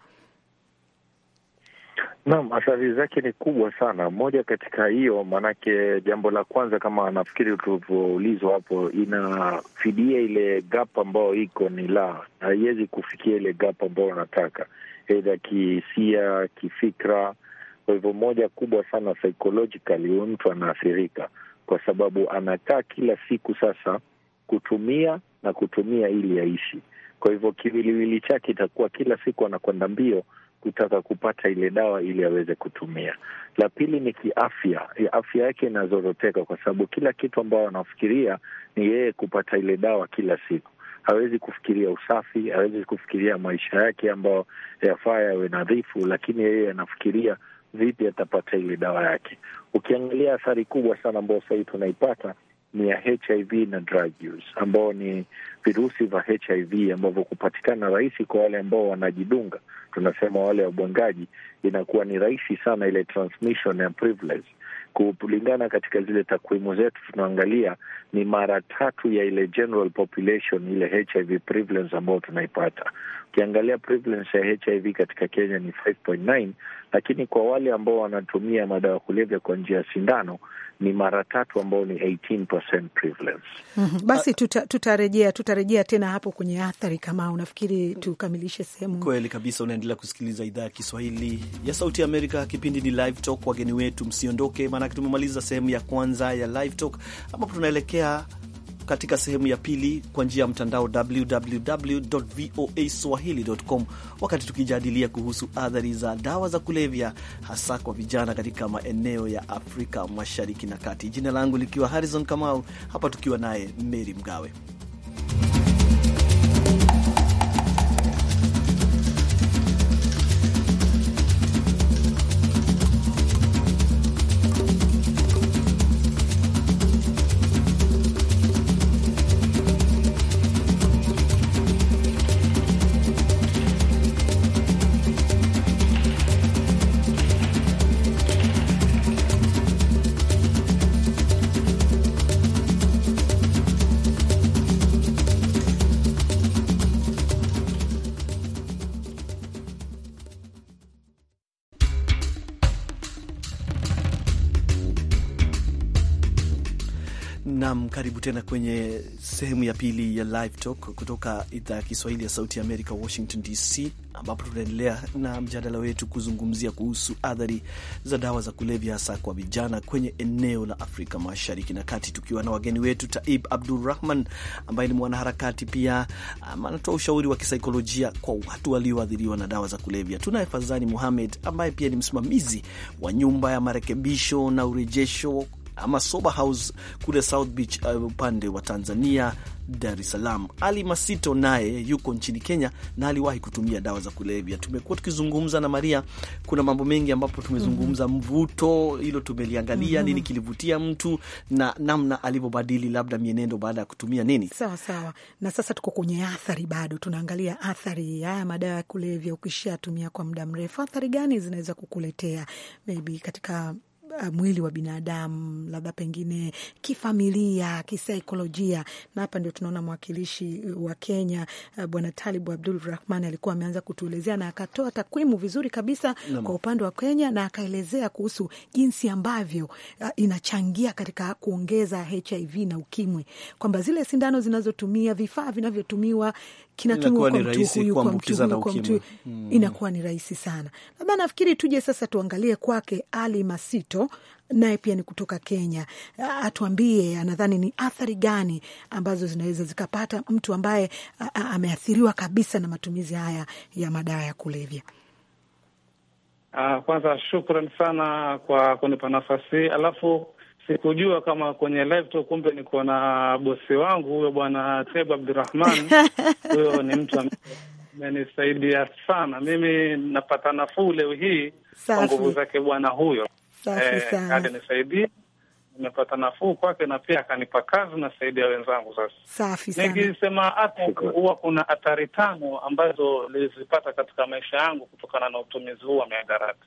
Naam, athari zake ni kubwa sana. Moja katika hiyo, maanake jambo la kwanza, kama nafikiri tulivyoulizwa hapo, inafidia ile gap ambayo iko ni la, haiwezi kufikia ile gap ambayo unataka, aidha kihisia, kifikra. Kwa hivyo moja kubwa sana, psychologically huyu mtu anaathirika, kwa sababu anakaa kila siku sasa kutumia na kutumia ili aishi. Kwa hivyo kiwiliwili chake itakuwa kila siku anakwenda mbio kutaka kupata ile dawa ili aweze kutumia. La pili ni kiafya, afya yake inazoroteka kwa sababu kila kitu ambayo anafikiria ni yeye kupata ile dawa kila siku. Hawezi kufikiria usafi, hawezi kufikiria maisha yake ambayo yafaa yawe nadhifu, lakini yeye anafikiria vipi atapata ile dawa yake. Ukiangalia athari kubwa sana ambayo sahii tunaipata ni ya HIV na drug use, ambao ni virusi vya HIV ambavyo kupatikana rahisi kwa wale ambao wanajidunga, tunasema wale wabwangaji, inakuwa ni rahisi sana ile transmission ya privilege. Kulingana katika zile takwimu zetu tunaangalia ni mara tatu ya ile general population, ile HIV prevalence ambayo tunaipata. Ukiangalia prevalence ya HIV katika Kenya ni 5.9, lakini kwa wale ambao wanatumia madawa kulevya kwa njia ya sindano ni mara tatu ambao ni 18% prevalence. Mm -hmm. Basi tuta, tutarejea tutarejea tena hapo kwenye athari. Kama unafikiri tukamilishe sehemu. Kweli kabisa, unaendelea kusikiliza idhaa ya Kiswahili ya Sauti ya Amerika, kipindi ni Live Talk. Wageni wetu msiondoke, maanake tumemaliza sehemu ya kwanza ya Live Talk ambapo tunaelekea katika sehemu ya pili kwa njia ya mtandao www voa www.voaswahili.com, wakati tukijadilia kuhusu athari za dawa za kulevya hasa kwa vijana katika maeneo ya Afrika Mashariki na Kati. Jina langu likiwa Harrison Kamau, hapa tukiwa naye Mary Mgawe. Nam, karibu tena kwenye sehemu ya pili ya Live Talk kutoka idhaa ya Kiswahili ya Sauti ya Amerika, Washington DC, ambapo tunaendelea na mjadala wetu kuzungumzia kuhusu athari za dawa za kulevya hasa kwa vijana kwenye eneo la Afrika Mashariki na Kati, tukiwa na wageni wetu Taib Abdurrahman ambaye ni mwanaharakati pia anatoa ushauri wa kisaikolojia kwa watu walioathiriwa na dawa za kulevya. Tunaye Fazani Muhamed ambaye pia ni msimamizi wa nyumba ya marekebisho na urejesho ama Sober House kule South Beach uh, upande uh, wa Tanzania, Dar es Salaam. Ali Masito naye yuko nchini Kenya na aliwahi kutumia dawa za kulevya. Tumekuwa tukizungumza na Maria, kuna mambo mengi ambapo tumezungumza mhm. mvuto, hilo tumeliangalia, mm -hmm. nini kilivutia mtu na namna alivyobadili labda mienendo baada ya kutumia nini. Sawa sawa, na sasa tuko kwenye athari, bado tunaangalia athari haya madawa ya kulevya. Ukishatumia kwa muda mrefu, athari gani zinaweza kukuletea maybe katika mwili wa binadamu, labda pengine kifamilia, kisaikolojia. Na hapa ndio tunaona mwakilishi wa Kenya eh, Bwana Talibu Abdul Rahman alikuwa ameanza kutuelezea na akatoa takwimu vizuri kabisa Nama. kwa upande wa Kenya na akaelezea kuhusu jinsi ambavyo eh, inachangia katika kuongeza HIV na ukimwi, kwamba zile sindano zinazotumia, vifaa vinavyotumiwa kinatumwa kwa mtu huyu kwa mtu huyu kwa mtu mm, inakuwa ni rahisi sana. Labda nafikiri tuje sasa tuangalie kwake Ali Masito, naye pia ni kutoka Kenya, atuambie anadhani ni athari gani ambazo zinaweza zikapata mtu ambaye ameathiriwa kabisa na matumizi haya ya madawa ya kulevya. Ah, kwanza shukran sana kwa kunipa nafasi, alafu sikujua kama kwenye live kumbe niko na bosi wangu huyo bwana Teb Abdurahman. Huyo ni mtu amenisaidia sana mimi, napata nafuu leo hii kwa nguvu zake bwana huyo. Eh, alinisaidia nimepata nafuu kwake na pia akanipa kazi nasaidia wenzangu. Sasa nikisema hapo, huwa kuna athari tano ambazo nilizipata katika maisha yangu kutokana na utumizi huu wa mihadarati.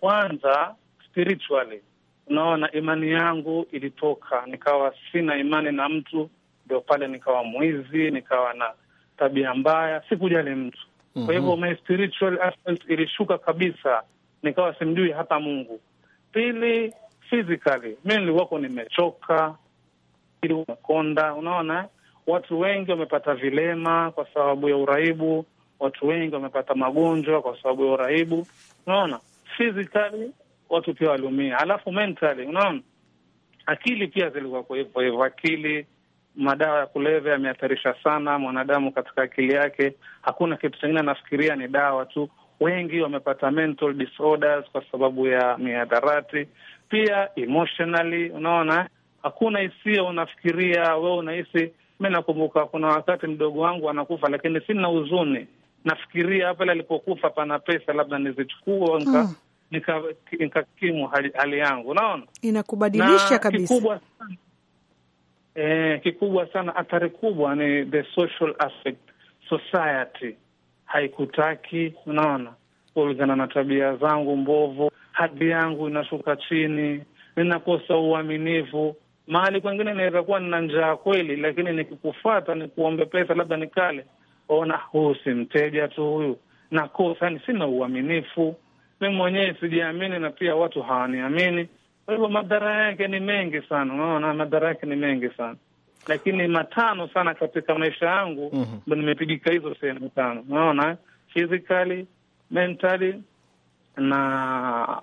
Kwanza, spiritually unaona, imani yangu ilitoka, nikawa sina imani na mtu, ndio pale nikawa mwizi, nikawa na tabia mbaya, sikujali mtu mm -hmm. Kwa hivyo mhm. my spiritual aspect ilishuka kabisa, nikawa simjui hata Mungu. Pili, physically mi niliwako, nimechoka, umekonda, unaona watu wengi wamepata vilema kwa sababu ya uraibu. Watu wengi wamepata magonjwa kwa sababu ya uraibu. Unaona, physically watu pia waliumia, alafu mentally, unaona akili pia zilikuwa hivyo hivyo. Akili, madawa ya kulevya yamehatarisha sana mwanadamu katika akili yake. Hakuna kitu chengine anafikiria, ni dawa tu. Wengi wamepata mental disorders kwa sababu ya mihadarati, pia emotionally, unaona hakuna hisia unafikiria we unahisi. Mi nakumbuka kuna wakati mdogo wangu anakufa, lakini sina huzuni, nafikiria pale alipokufa pana pesa labda nizichukua nika mm nikakimu hali, hali yangu. Unaona, inakubadilisha kabisa. Kikubwa sana, e, kikubwa sana, athari kubwa ni the social aspect, society haikutaki. Unaona, kulingana na tabia zangu mbovu, hadhi yangu inashuka chini, ninakosa uaminifu mahali kwengine inaweza kuwa nina njaa kweli, lakini nikikufata nikuombe pesa labda nikale, ona huyu si mteja tu, huyu nakosa, ni sina uaminifu mimi mwenyewe sijiamini na pia watu hawaniamini. Kwa hivyo madhara yake ni mengi sana, unaona, madhara yake ni mengi sana lakini matano sana katika maisha yangu mm -hmm. nimepigika hizo sehemu tano, unaona, physically mentally na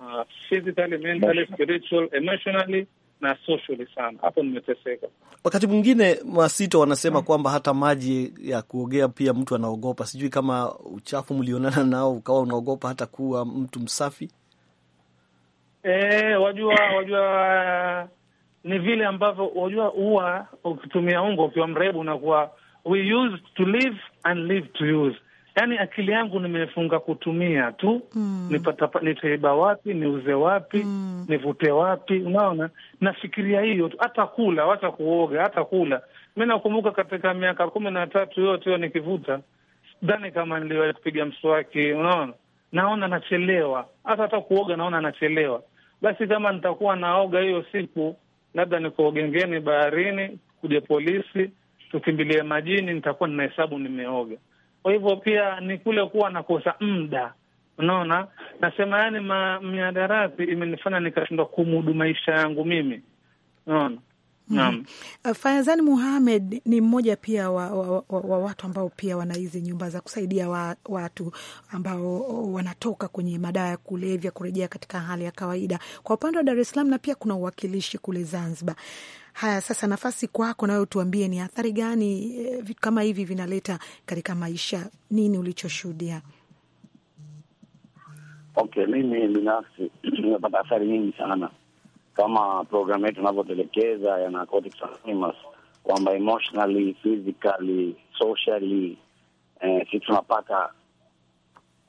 uh, physically mentally spiritual emotionally na socially sana. Hapo nimeteseka. Wakati mwingine masito wanasema hmm, kwamba hata maji ya kuogea pia mtu anaogopa. Sijui kama uchafu mlionana nao ukawa unaogopa hata kuwa mtu msafi. E, wajua wajua ni vile ambavyo wajua, huwa ukitumia ungo ukiwa mrebu unakuwa we use to live and live to use yani akili yangu nimefunga kutumia tu mm. Nipata, nitaiba wapi, niuze wapi mm. nivute wapi? Unaona, nafikiria hiyo tu, hata kula, wacha kuoga, hata kula. Mi nakumbuka katika miaka kumi na tatu yote hiyo nikivuta, dhani kama niliwai kupiga mswaki. Unaona, naona nachelewa, hata hata kuoga naona nachelewa. Basi kama nitakuwa naoga hiyo siku, labda niko baharini, kuja polisi, tukimbilie majini, nitakuwa ninahesabu nimeoga. Kwa hivyo pia ni kule kuwa nakosa muda, unaona, nasema yani miadarati imenifanya nikashindwa kumudu maisha yangu mimi, unaona. Mm. Uh, Fayazani Muhamed ni mmoja pia wa, wa, wa, wa watu ambao pia wana hizi nyumba za kusaidia wa, watu ambao wanatoka kwenye madawa ya kulevya kurejea katika hali ya kawaida kwa upande wa Dar es Salaam, na pia kuna uwakilishi kule Zanzibar. Haya, sasa nafasi kwako, nawe tuambie ni athari gani eh, vitu kama hivi vinaleta katika maisha, nini ulichoshuhudia? Okay, mimi binafsi nimepata athari nyingi sana, kama programu yetu inavyotelekeza ya Narcotics Anonymous kwamba emotionally, physically, socially eh, si tunapata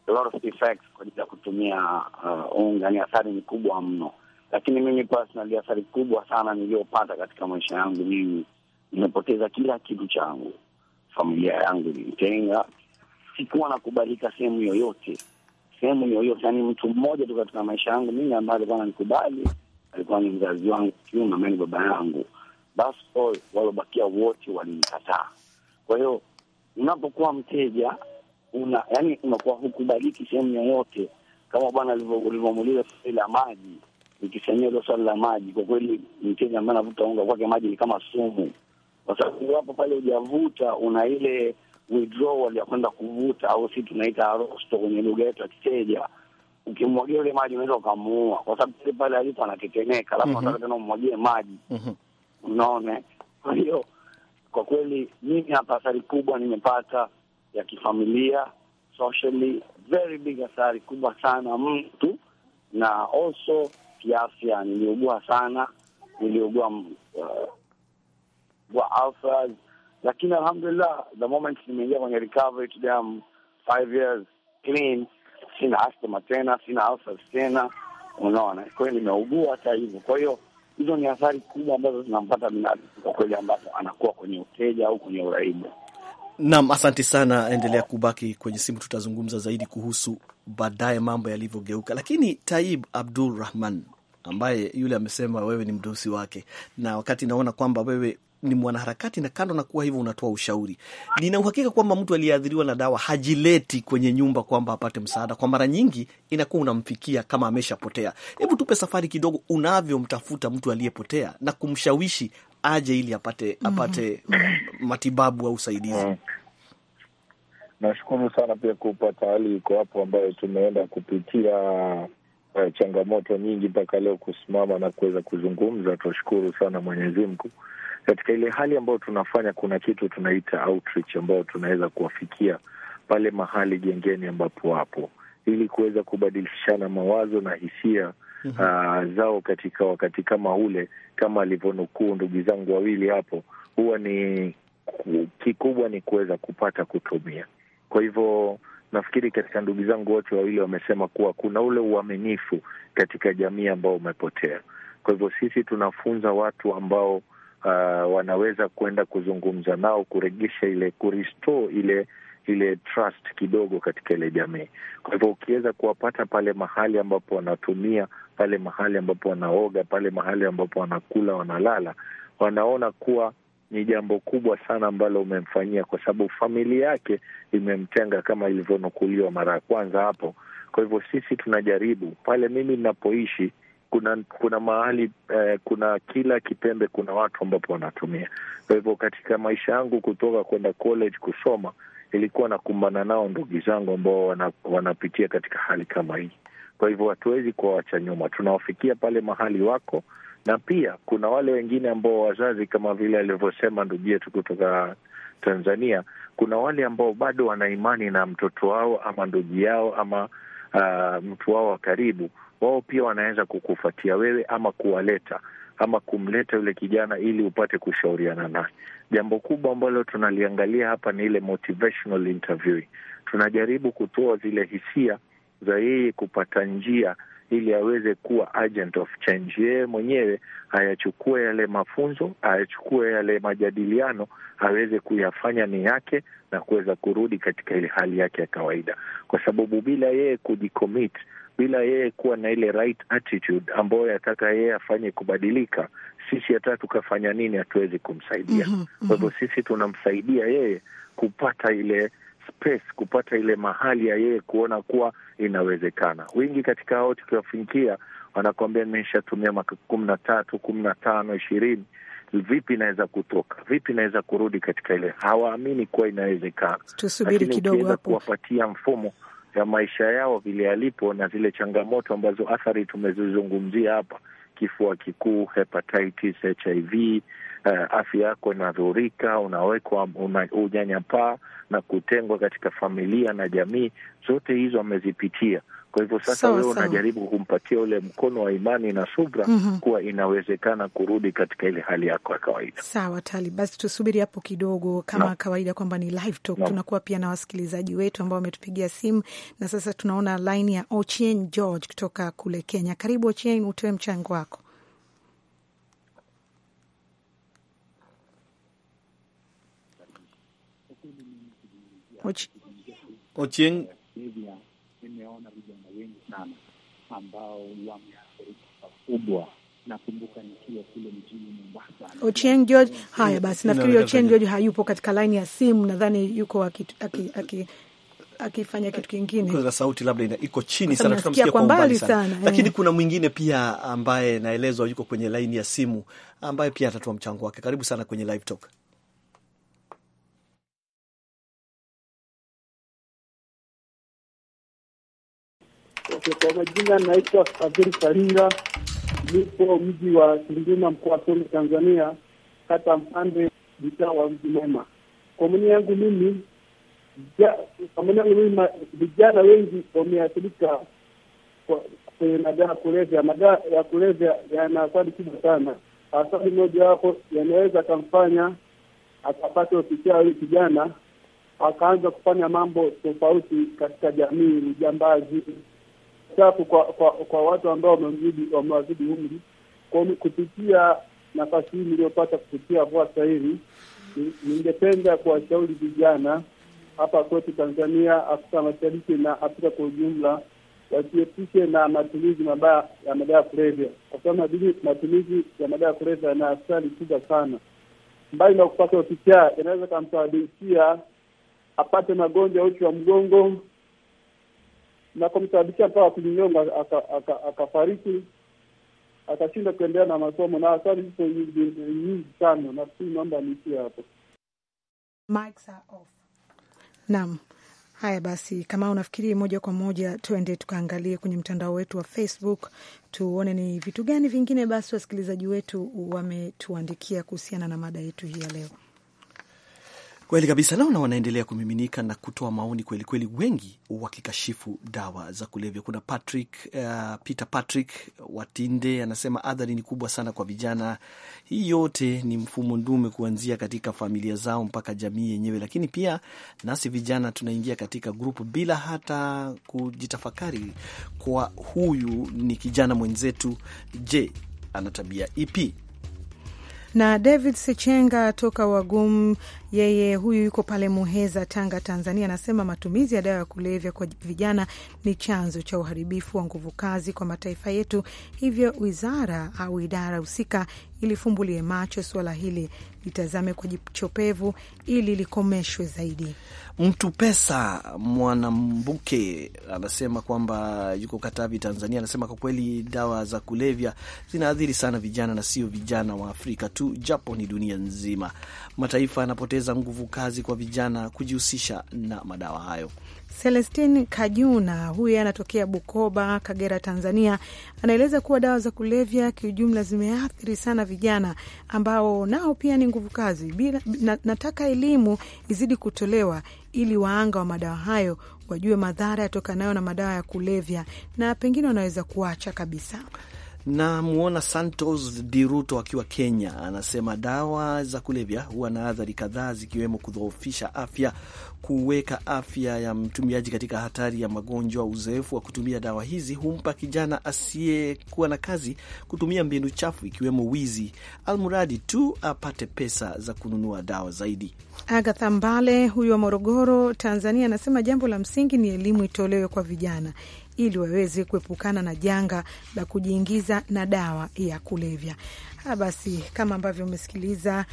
a lot of effects kwa ajili ya kutumia uh, unga. Ni athari ni kubwa mno lakini mimi personally, athari kubwa sana niliyopata katika maisha yangu mimi, nimepoteza kila kitu changu. Familia yangu ilinitenga, sikuwa nakubalika sehemu yoyote, sehemu yoyote. Yani mtu mmoja tu katika maisha yangu mimi ambaye alikuwa ananikubali alikuwa ni mzazi wangu kiume, ambaye ni baba yangu. Basi walobakia wote walinikataa. Kwa hiyo unapokuwa mteja una, yani unakuwa hukubaliki sehemu yoyote, kama bwana ulivyomuuliza swali la maji ikifanyia hilo swala la maji, kwa kweli Mkenya ambaye anavuta unga kwake maji ni kama sumu, kwa sababu iwapo pale hujavuta una ile withdrawal ya kwenda kuvuta, au si tunaita rosto kwenye lugha yetu ya Kiteja. Ukimwagia ule maji unaweza ukamuua, kwa sababu ile pale alipo anatetemeka, alafu mhm. nataka tena umwagie maji, mhm. unaona. Kwa hiyo kwa kweli mimi hapa athari kubwa nimepata ya kifamilia, socially very big, athari kubwa sana mtu na also kiafya, niliugua sana, niliugua uh, afya, lakini alhamdulillah, the moment nimeingia kwenye recovery today I'm five years clean, sina asthma tena, sina ulcers tena, unaona. Kwa hiyo nimeugua hata hivyo, kwa hiyo hizo ni athari kubwa ambazo zinampata binadamu kwa kweli, ambapo anakuwa kwenye uteja au kwenye uraibu nam asante sana, endelea kubaki kwenye simu, tutazungumza zaidi kuhusu baadaye mambo yalivyogeuka. Lakini Taib Abdul Rahman ambaye yule amesema wewe ni mdosi wake, na wakati naona kwamba wewe ni mwanaharakati na kando na kuwa hivyo unatoa ushauri, nina uhakika kwamba mtu aliyeathiriwa na dawa hajileti kwenye nyumba kwamba apate msaada. Kwa mara nyingi inakuwa unamfikia kama ameshapotea. Hebu tupe safari kidogo, unavyomtafuta mtu aliyepotea na kumshawishi aje ili apate mm-hmm. apate matibabu au usaidizi? Mm. Nashukuru sana pia kupata hali iko hapo ambayo tumeenda kupitia uh, changamoto nyingi mpaka leo kusimama na kuweza kuzungumza. Tunashukuru sana Mwenyezi Mungu. Katika ile hali ambayo tunafanya, kuna kitu tunaita outreach ambayo tunaweza kuwafikia pale mahali jengeni ambapo wapo, ili kuweza kubadilishana mawazo na hisia mm -hmm. uh, zao katika wakati kama ule, kama alivyonukuu ndugu zangu wawili hapo, huwa ni kikubwa ni kuweza kupata kutumia. Kwa hivyo nafikiri katika ndugu zangu wote wawili wamesema kuwa kuna ule uaminifu katika jamii ambao umepotea. Kwa hivyo sisi tunafunza watu ambao uh, wanaweza kwenda kuzungumza nao, kuregesha ile kurestore ile ile trust kidogo katika ile jamii. Kwa hivyo ukiweza kuwapata pale mahali ambapo wanatumia, pale mahali ambapo wanaoga, pale mahali ambapo wanakula, wanalala, wanaona kuwa ni jambo kubwa sana ambalo umemfanyia, kwa sababu familia yake imemtenga kama ilivyonukuliwa mara ya kwanza hapo. Kwa hivyo sisi tunajaribu pale, mimi ninapoishi kuna kuna mahali eh, kuna kila kipembe kuna watu ambapo wanatumia. Kwa hivyo katika maisha yangu kutoka kwenda college kusoma nilikuwa nakumbana nao ndugu zangu ambao wana, wanapitia katika hali kama hii. Kwa hivyo hatuwezi kuwawacha nyuma, tunawafikia pale mahali wako, na pia kuna wale wengine ambao wazazi, kama vile alivyosema ndugu yetu kutoka Tanzania, kuna wale ambao bado wana imani na mtoto wao ama ndugu yao ama uh, mtu wao wa karibu, wao pia wanaweza kukufuatia wewe ama kuwaleta ama kumleta yule kijana ili upate kushauriana naye. Jambo kubwa ambalo tunaliangalia hapa ni ile motivational interviewing. Tunajaribu kutoa zile hisia za yeye kupata njia ili aweze kuwa agent of change, yeye mwenyewe ayachukue yale mafunzo, ayachukue yale majadiliano, aweze kuyafanya ni yake na kuweza kurudi katika ile hali yake ya kawaida, kwa sababu bila yeye kujicommit bila yeye kuwa na ile right attitude ambayo yataka yeye afanye kubadilika, sisi hata tukafanya nini hatuwezi kumsaidia. mm -hmm, kwa hivyo mm -hmm. sisi tunamsaidia yeye kupata ile space, kupata ile mahali ya yeye kuona kuwa inawezekana. Wingi katika hao tukiwafikia, wanakuambia nimeshatumia maka kumi na tatu kumi na tano ishirini Vipi inaweza kutoka? Vipi inaweza kurudi katika ile? Hawaamini kuwa inawezekana. Tusubiri kidogo hapo, kuwapatia mfumo ya maisha yao vile yalipo na zile changamoto ambazo athari tumezizungumzia hapa, kifua kikuu, hepatitis, HIV, uh, eh, afya yako inadhurika, unawekwa una, unyanyapaa na kutengwa katika familia na jamii. Zote hizo amezipitia. Kwa hivyo sasa wewe unajaribu kumpatia ule mkono wa imani na subra mm -hmm. kuwa inawezekana kurudi katika ile hali yako ya kawaida. Sawa Tali, basi tusubiri hapo kidogo kama no. kawaida kwamba ni live talk no. tunakuwa pia na wasikilizaji wetu ambao wametupigia simu, na sasa tunaona laini ya Ochieng George kutoka kule Kenya. Karibu Ochieng, utoe mchango wako. Ochieng. Ochieng sana ambao wameathirika pakubwa. Nakumbuka nikiwa kule mjini Mombasa. Ochieng George, haya basi, nafikiri Ochieng George hayupo katika laini ya simu, nadhani yuko aki akifanya kitu kingine, sauti labda ina iko chini sana, tunamsikia kwa mbali sana, sana. Eh. Lakini kuna mwingine pia ambaye naelezwa yuko kwenye laini ya simu ambaye pia atatoa mchango wake. Karibu sana kwenye live talk. wote. Kwa majina naitwa Fadhili Salinga, nipo mji wa Tunduma, mkoa wa Songwe, Tanzania, kata Mpande, mtaa wa Mji Mwema. Kwa maoni yangu mimi, kwa maoni yangu mimi, vijana wengi wameathirika kwenye madawa ya kulevya. Madawa ya kulevya yana athari kubwa sana. Athari moja wapo yanaweza akamfanya akapata ofisia huyu kijana akaanza kufanya mambo tofauti katika jamii, ujambazi chafu kwa kwa, kwa watu ambao wamewazidi umri. Kwa kupitia nafasi hii niliyopata kupitia VOA Swahili, ningependa kuwashauri vijana hapa kwetu Tanzania, Afrika Mashariki na Afrika kwa ujumla wasiepushe na matumizi mabaya ya madawa ya kulevya, kwa sababu matumizi ya madawa ya kulevya yana athari kubwa sana. Mbali na kupata utichaa, inaweza kamsababishia apate magonjwa ya uti wa mgongo na kumsababishia mpaka kulinyonga akafariki, akashinda kuendelea na masomo, na hasari ziko nyingi sana. Nafikiri naomba niishie hapo. Mics are off. Naam. Haya basi, kama unafikiri moja kwa moja, tuende tukaangalie kwenye mtandao wetu wa Facebook tuone ni vitu gani vingine basi wasikilizaji wetu wametuandikia kuhusiana na mada yetu hii ya leo. Kweli kabisa, na wanaendelea kumiminika na kutoa maoni kwelikweli kweli, wengi wakikashifu dawa za kulevya. Kuna Patrick, uh, Peter Patrick Watinde anasema athari ni kubwa sana kwa vijana. Hii yote ni mfumo ndume, kuanzia katika familia zao mpaka jamii yenyewe, lakini pia nasi vijana tunaingia katika grupu bila hata kujitafakari, kwa huyu ni kijana mwenzetu, je, ana tabia ipi? na David Sechenga toka Wagum, yeye huyu yuko pale Muheza, Tanga, Tanzania, anasema matumizi ya dawa ya kulevya kwa vijana ni chanzo cha uharibifu wa nguvu kazi kwa mataifa yetu, hivyo wizara au idara husika ilifumbulie macho suala hili, litazame kwa jichopevu ili likomeshwe zaidi. Mtu Pesa Mwanambuke anasema kwamba yuko Katavi, Tanzania. Anasema kwa kweli dawa za kulevya zinaathiri sana vijana na sio vijana wa Afrika tu, japo ni dunia nzima. Mataifa yanapoteza nguvu kazi kwa vijana kujihusisha na madawa hayo. Celestin Kajuna huyu anatokea Bukoba, Kagera, Tanzania, anaeleza kuwa dawa za kulevya kiujumla zimeathiri sana vijana ambao nao pia ni nguvu kazi bila, na, nataka elimu izidi kutolewa ili waanga wa madawa hayo wajue madhara yatokanayo na madawa ya kulevya na pengine wanaweza kuacha kabisa. Namwona Santos Diruto akiwa Kenya, anasema dawa za kulevya huwa na athari kadhaa, zikiwemo kudhoofisha afya, kuweka afya ya mtumiaji katika hatari ya magonjwa. Uzoefu wa kutumia dawa hizi humpa kijana asiyekuwa na kazi kutumia mbinu chafu, ikiwemo wizi, almuradi tu apate pesa za kununua dawa zaidi. Agatha Mbale huyu wa Morogoro, Tanzania, anasema jambo la msingi ni elimu itolewe kwa vijana ili waweze kuepukana na janga la kujiingiza na dawa ya kulevya. Basi kama ambavyo umesikiliza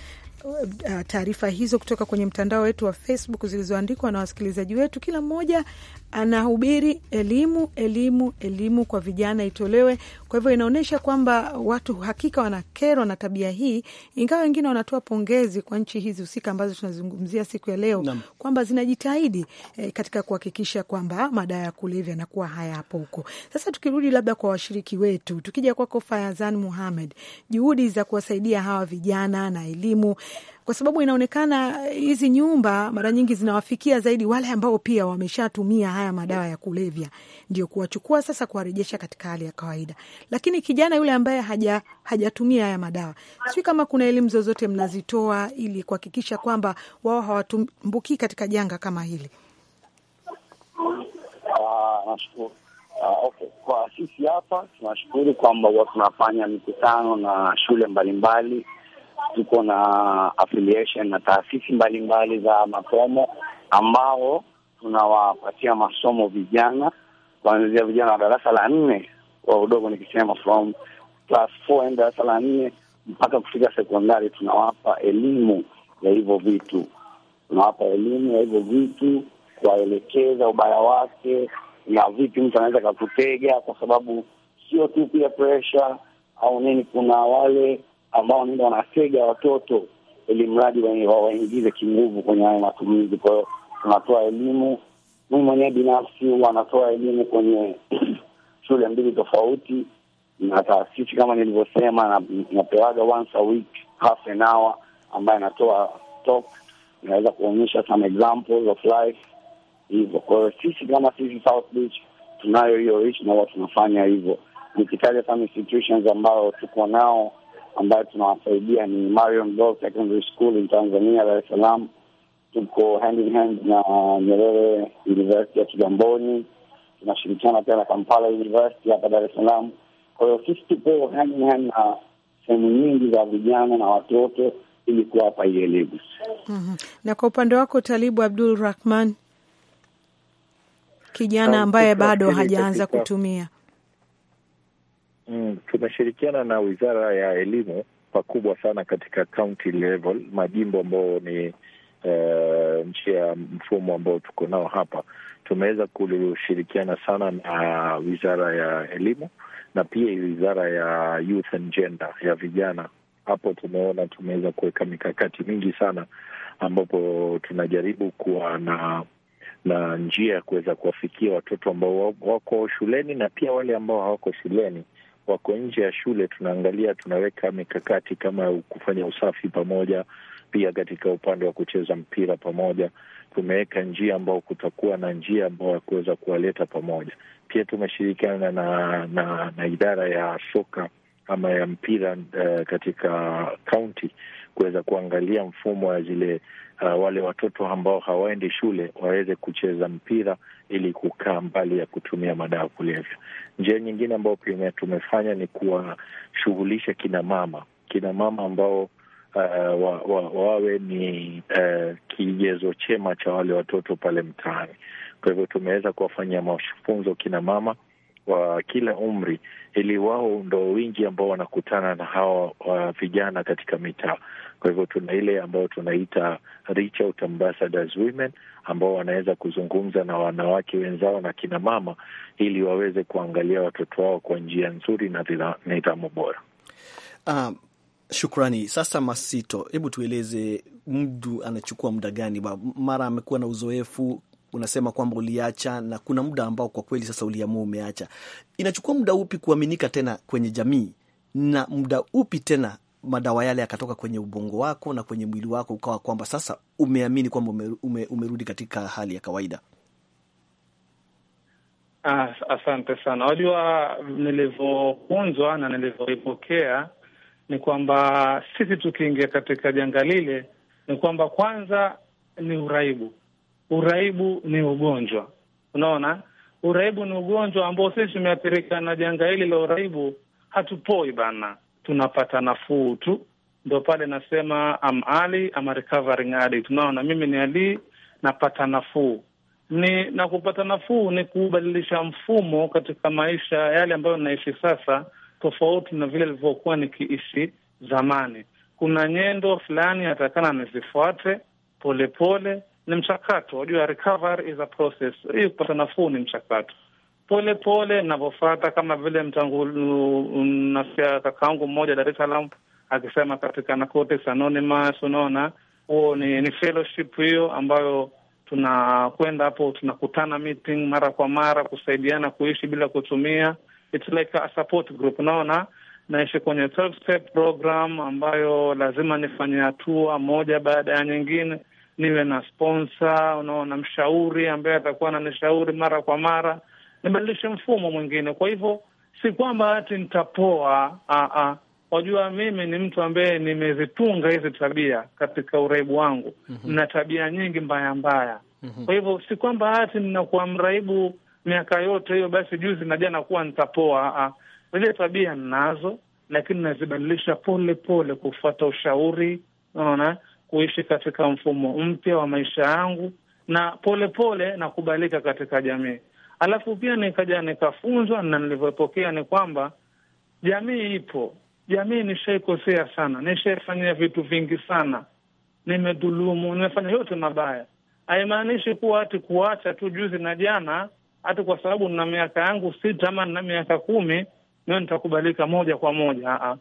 Eh, taarifa hizo kutoka kwenye mtandao wetu wa Facebook zilizoandikwa na wasikilizaji wetu, kila mmoja anahubiri elimu, elimu, elimu kwa vijana itolewe. Kwa hivyo inaonyesha kwamba watu hakika wanakerwa na tabia hii, ingawa wengine wanatoa pongezi kwa nchi hizi husika ambazo tunazungumzia siku ya leo kwamba zinajitahidi eh, katika kuhakikisha kwamba madawa ya kulevya yanakuwa hayapo huko. Sasa tukirudi labda kwa washiriki wetu, tukija kwako Fayazan Muhamed, juhudi za kuwasaidia hawa vijana na elimu kwa sababu inaonekana hizi nyumba mara nyingi zinawafikia zaidi wale ambao pia wameshatumia haya madawa ya kulevya, ndio kuwachukua sasa kuwarejesha katika hali ya kawaida. Lakini kijana yule ambaye haja hajatumia haya madawa, sijui kama kuna elimu zozote mnazitoa ili kuhakikisha kwamba wao hawatumbukii katika janga kama hili. Uh, okay. Kwa sisi hapa tunashukuru kwamba huwa tunafanya mikutano na shule mbalimbali mbali tuko na affiliation na taasisi mbalimbali za masomo ambao tunawapatia masomo vijana kuanzia vijana wa darasa la nne kwa udogo, nikisema from class 4 darasa la nne mpaka kufika sekondari. Tunawapa elimu ya hivyo vitu, tunawapa elimu ya hivyo vitu, kuwaelekeza ubaya wake na vipi mtu anaweza kakutega, kwa sababu sio tu pia pressure au nini. Kuna wale ambao wanaenda wanatega watoto ili mradi waingize kinguvu kwenye hayo matumizi. Kwa hiyo tunatoa elimu, mimi mwenyewe binafsi wanatoa anatoa elimu kwenye shule mbili tofauti na taasisi kama nilivyosema, napewaga once a week half an hour ambaye anatoa talk, naweza kuonyesha some examples of life hivyo. Kwa hiyo sisi kama sisi South Beach tunayo hiyo rich na huwa tunafanya hivyo. Nikitaja some institutions ambayo tuko nao ambayo tunawasaidia ni Marion Bell Secondary School in Tanzania, Dar es Salaam. Tuko hand in hand na Nyerere University ya Kigamboni, tunashirikiana pia na Kampala University hapa Dar es Salaam. Kwa hiyo sisi tupo hand in hand na sehemu nyingi za vijana na watoto ili kuwapa hii elimu. Mm -hmm. Na kwa upande wako Talibu Abdul Rahman, kijana ambaye bado hajaanza kutumia Mm, tumeshirikiana na wizara ya elimu pakubwa sana katika county level, majimbo ambayo ni Uh, nchi ya mfumo ambao tuko nao hapa, tumeweza kushirikiana sana na wizara ya elimu na pia wizara ya youth and gender, ya vijana. Hapo tumeona tumeweza kuweka mikakati mingi sana, ambapo tunajaribu kuwa na na njia ya kuweza kuwafikia watoto ambao wako shuleni na pia wale ambao hawako shuleni, wako nje ya shule, tunaangalia tunaweka mikakati kama kufanya usafi pamoja, pia katika upande wa kucheza mpira pamoja tumeweka njia ambao kutakuwa na njia ambao ya kuweza kuwaleta pamoja. Pia tumeshirikiana na, na, na idara ya soka ama ya mpira uh, katika kaunti kuweza kuangalia mfumo wa zile uh, wale watoto ambao hawaendi shule waweze kucheza mpira ili kukaa mbali ya kutumia madawa kulevya. Njia nyingine ambayo pia tumefanya ni kuwashughulisha kinamama, kinamama ambao Uh, wa, wa, wawe ni uh, kigezo chema cha wale watoto pale mtaani. Kwa hivyo tumeweza kuwafanyia mafunzo kina mama wa kila umri, ili wao ndo wingi ambao wanakutana na hawa uh, vijana katika mitaa. Kwa hivyo tuna ile ambayo tunaita Reach Out Ambassadors Women, ambao wanaweza kuzungumza na wanawake wenzao na kina mama ili waweze kuangalia watoto wao kwa njia nzuri na nidhamu bora. Um, shukrani. Sasa Masito, hebu tueleze mtu anachukua muda gani, mara amekuwa na uzoefu unasema kwamba uliacha na kuna muda ambao kwa kweli sasa uliamua umeacha. Inachukua muda upi kuaminika tena kwenye jamii na muda upi tena madawa yale yakatoka kwenye ubongo wako na kwenye mwili wako, ukawa kwamba sasa umeamini kwamba ume, ume, umerudi katika hali ya kawaida? Ah, asante sana. Wajua, nilivyofunzwa na nilivyoipokea ni kwamba sisi tukiingia katika janga lile ni kwamba kwanza ni uraibu. Uraibu ni ugonjwa, unaona, uraibu ni ugonjwa ambao sisi tumeathirika na janga hili la uraibu, hatupoi bana tunapata nafuu tu. Ndo pale nasema am Ali ama recovering Ali, tunaona mimi ni Ali, napata nafuu ni na kupata nafuu ni kubadilisha mfumo katika maisha yale ambayo inaishi sasa, tofauti na vile ilivyokuwa nikiishi zamani. Kuna nyendo fulani atakana nizifuate polepole, ni mchakato. Wajua, is a process. Hii kupata nafuu ni mchakato pole pole navyofuata, kama vile mm, nasikia kakaangu mmoja Dar es Salaam akisema katika Narcotics Anonymous. Unaona, huo ni, ni fellowship hiyo ambayo tunakwenda hapo, tunakutana meeting mara kwa mara kusaidiana kuishi bila kutumia. It's like a support group. Unaona, naishi kwenye 12 step program ambayo lazima nifanye hatua moja baada ya nyingine, niwe na sponsor, unaona, mshauri ambaye atakuwa ananishauri mara kwa mara nibadilishe mfumo mwingine. Kwa hivyo si kwamba ati nitapoa. -a. wajua mimi ni mtu ambaye nimezitunga hizi tabia katika uraibu wangu mm -hmm. na tabia nyingi mbaya mbaya mm -hmm. kwa hivyo si kwamba ati ninakuwa mraibu miaka yote hiyo, basi juzi na jana kuwa nitapoa. Zile tabia ninazo, lakini nazibadilisha pole pole, kufuata ushauri, unaona, kuishi katika mfumo mpya wa maisha yangu, na pole pole nakubalika katika jamii. Alafu pia nikaja nikafunzwa, na nilivyopokea ni kwamba jamii ipo, jamii nishaikosea sana, nishaifanyia vitu vingi sana, nimedhulumu, nimefanya yote mabaya. Haimaanishi kuwa hati kuacha tu juzi na jana, hata kwa sababu na miaka yangu sita ama na miaka kumi nio nitakubalika moja kwa moja. Aa,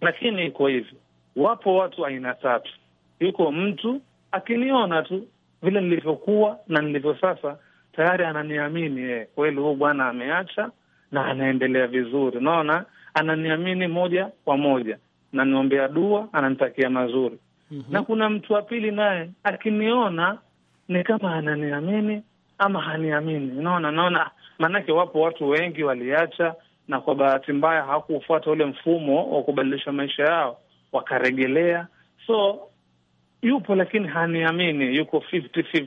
lakini iko hivi, wapo watu aina tatu. Yuko mtu akiniona tu vile nilivyokuwa na nilivyo sasa tayari ananiamini eh, kweli huu bwana ameacha na anaendelea vizuri. Unaona, ananiamini moja kwa moja, naniombea dua, ananitakia mazuri mm -hmm. na kuna mtu wa pili naye akiniona ni kama ananiamini ama haniamini. Unaona, naona maanake wapo watu wengi waliacha na kwa bahati mbaya hawakufuata ule mfumo wa kubadilisha maisha yao, wakaregelea. So yupo lakini haniamini, yuko 50-50,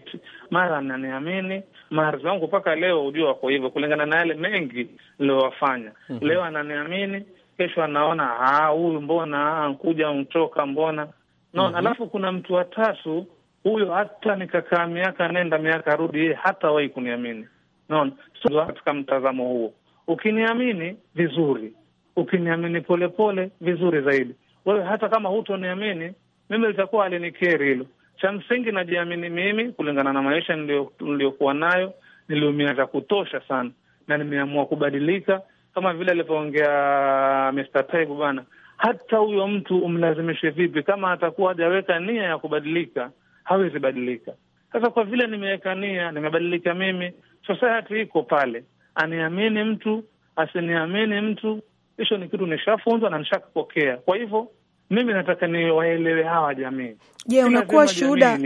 mara ananiamini, mahari wangu mpaka leo hujua wako hivyo, kulingana na yale mengi niliyowafanya. mm -hmm. Leo ananiamini, kesho anaona ah, huyu, mbona ankuja ah, mtoka, mbona no. mm -hmm. Alafu kuna mtu watatu huyo, hata nikakaa miaka nenda miaka rudi, yeye hatawahi kuniamini. no. so, katika mtazamo huo, ukiniamini vizuri, ukiniamini polepole pole, vizuri zaidi. Wewe hata kama hutoniamini mimi, litakuwa alinikeri hilo cha msingi najiamini mimi kulingana na maisha niliyokuwa nayo, niliumia vya kutosha sana, na nimeamua kubadilika, kama vile alivyoongea Mr. Taibu bana. Hata huyo mtu umlazimishe vipi, kama atakuwa hajaweka nia ya kubadilika, hawezi badilika. Sasa kwa vile nimeweka nia, nimebadilika mimi, society iko pale, aniamini mtu asiniamini mtu, hicho ni kitu nishafunzwa na nishakipokea. Kwa hivyo mimi nataka niwaelewe hawa jamii. Je, unakuwa shuhuda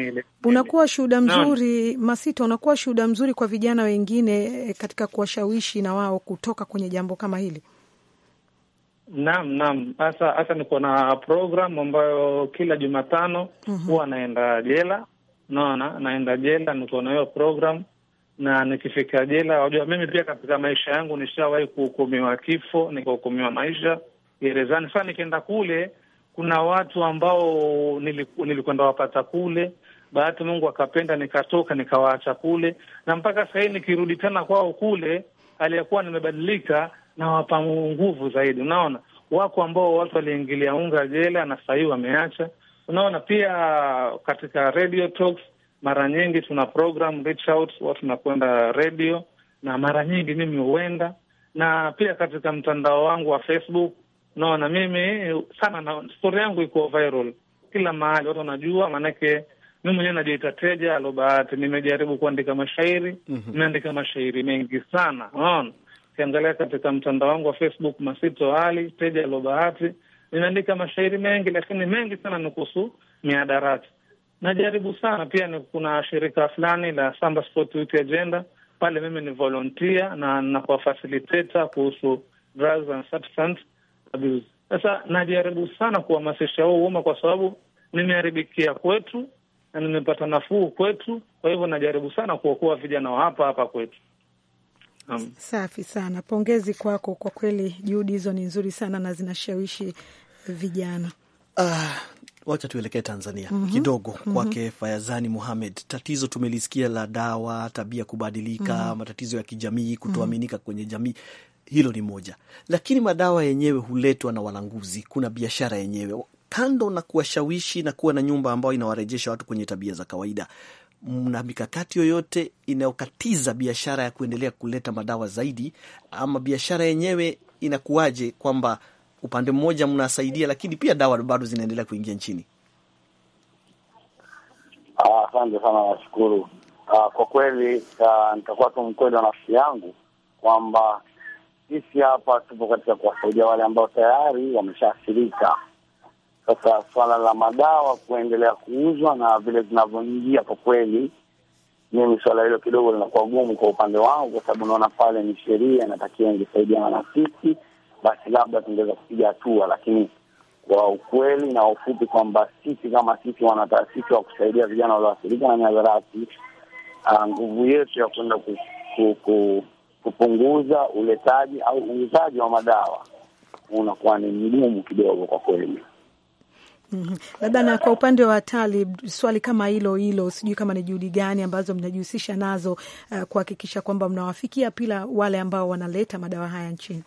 unakuwa shuhuda mzuri no. Masito, unakuwa shuhuda mzuri kwa vijana wengine eh, katika kuwashawishi na wao kutoka kwenye jambo kama hili? Naam, naam, hasa hasa niko na program ambayo kila Jumatano mhm. huwa mm -hmm. naenda jela, naona naenda jela, niko na hiyo program na nikifika jela, wajua mimi pia katika maisha yangu nishawahi kuhukumiwa kifo, nikahukumiwa maisha gerezani. Sasa nikienda kule kuna watu ambao niliku, wapata kule, bahati Mungu akapenda nikatoka nikawaacha kule, na mpaka sasa nikirudi tena kwao kule, hali ya kuwa nimebadilika nawapa nguvu zaidi. Unaona, wako ambao watu waliingilia unga jela na sasa wameacha. Unaona, pia katika radio talks mara nyingi tuna program reach out, watu nakwenda radio na mara nyingi mimi huenda na pia katika mtandao wangu wa Facebook naona mimi sana na stori yangu iko viral kila mahali, watu wanajua, maanake mi mwenyewe najiita Teja Alobahati. Nimejaribu kuandika mashairi, mhm. nimeandika mm -hmm. mashairi mengi sana. Unaona, ukiangalia katika mtandao wangu wa Facebook Masito Ali Teja Alobahati, nimeandika mashairi mengi, lakini mengi sana ni kuhusu miadarati Najaribu sana pia, ni kuna shirika fulani la Samba Sport Youth Agenda, pale mimi ni volunteer na nakuwa facilitator kuhusu drugs and substance kabisa. Sasa najaribu sana kuhamasisha huu umma, kwa sababu nimeharibikia kwetu na nimepata nafuu kwetu, kwa hivyo najaribu sana kuokoa vijana wa hapa hapa kwetu. Um, safi sana, pongezi kwako kwa kweli, juhudi hizo ni nzuri sana na zinashawishi vijana. Ah, wacha tuelekee Tanzania mm -hmm. kidogo mhm. kwake mm -hmm. Fayazani Muhamed, tatizo tumelisikia la dawa, tabia kubadilika, mm -hmm. matatizo ya kijamii, kutoaminika mm -hmm. kwenye jamii. Hilo ni moja, lakini madawa yenyewe huletwa na walanguzi. Kuna biashara yenyewe kando na kuwashawishi na kuwa na nyumba ambayo inawarejesha watu kwenye tabia za kawaida. Mna mikakati yoyote inayokatiza biashara ya kuendelea kuleta madawa zaidi, ama biashara yenyewe inakuwaje, kwamba upande mmoja mnasaidia, lakini pia dawa bado zinaendelea kuingia nchini? Ah, asante ah, sana nashukuru. Ah, kwa kweli ah, nitakuwa tu mkweli wa nafsi yangu kwamba sisi hapa tupo katika kuwasaidia wale ambao tayari wameshaathirika. Sasa swala la madawa kuendelea kuuzwa na vile zinavyoingia, kwa kweli mimi swala hilo kidogo linakuwa gumu kwa upande wangu, kwa sababu naona pale ni sheria inatakiwa ingesaidiana na sisi, basi labda tungeweza kupiga hatua, lakini kwa ukweli na ufupi kwamba sisi kama sisi wanataasisi wa kusaidia vijana walioathirika na mihadarati, ah, nguvu yetu ya kwenda ku, ku, ku kupunguza uletaji au uuzaji wa madawa unakuwa ni mgumu kidogo kwa kweli. Mm -hmm. Labda na kwa upande wa Talib, swali kama hilo hilo, sijui kama ni juhudi gani ambazo mnajihusisha nazo uh, kuhakikisha kwamba mnawafikia pila wale ambao wanaleta madawa haya nchini.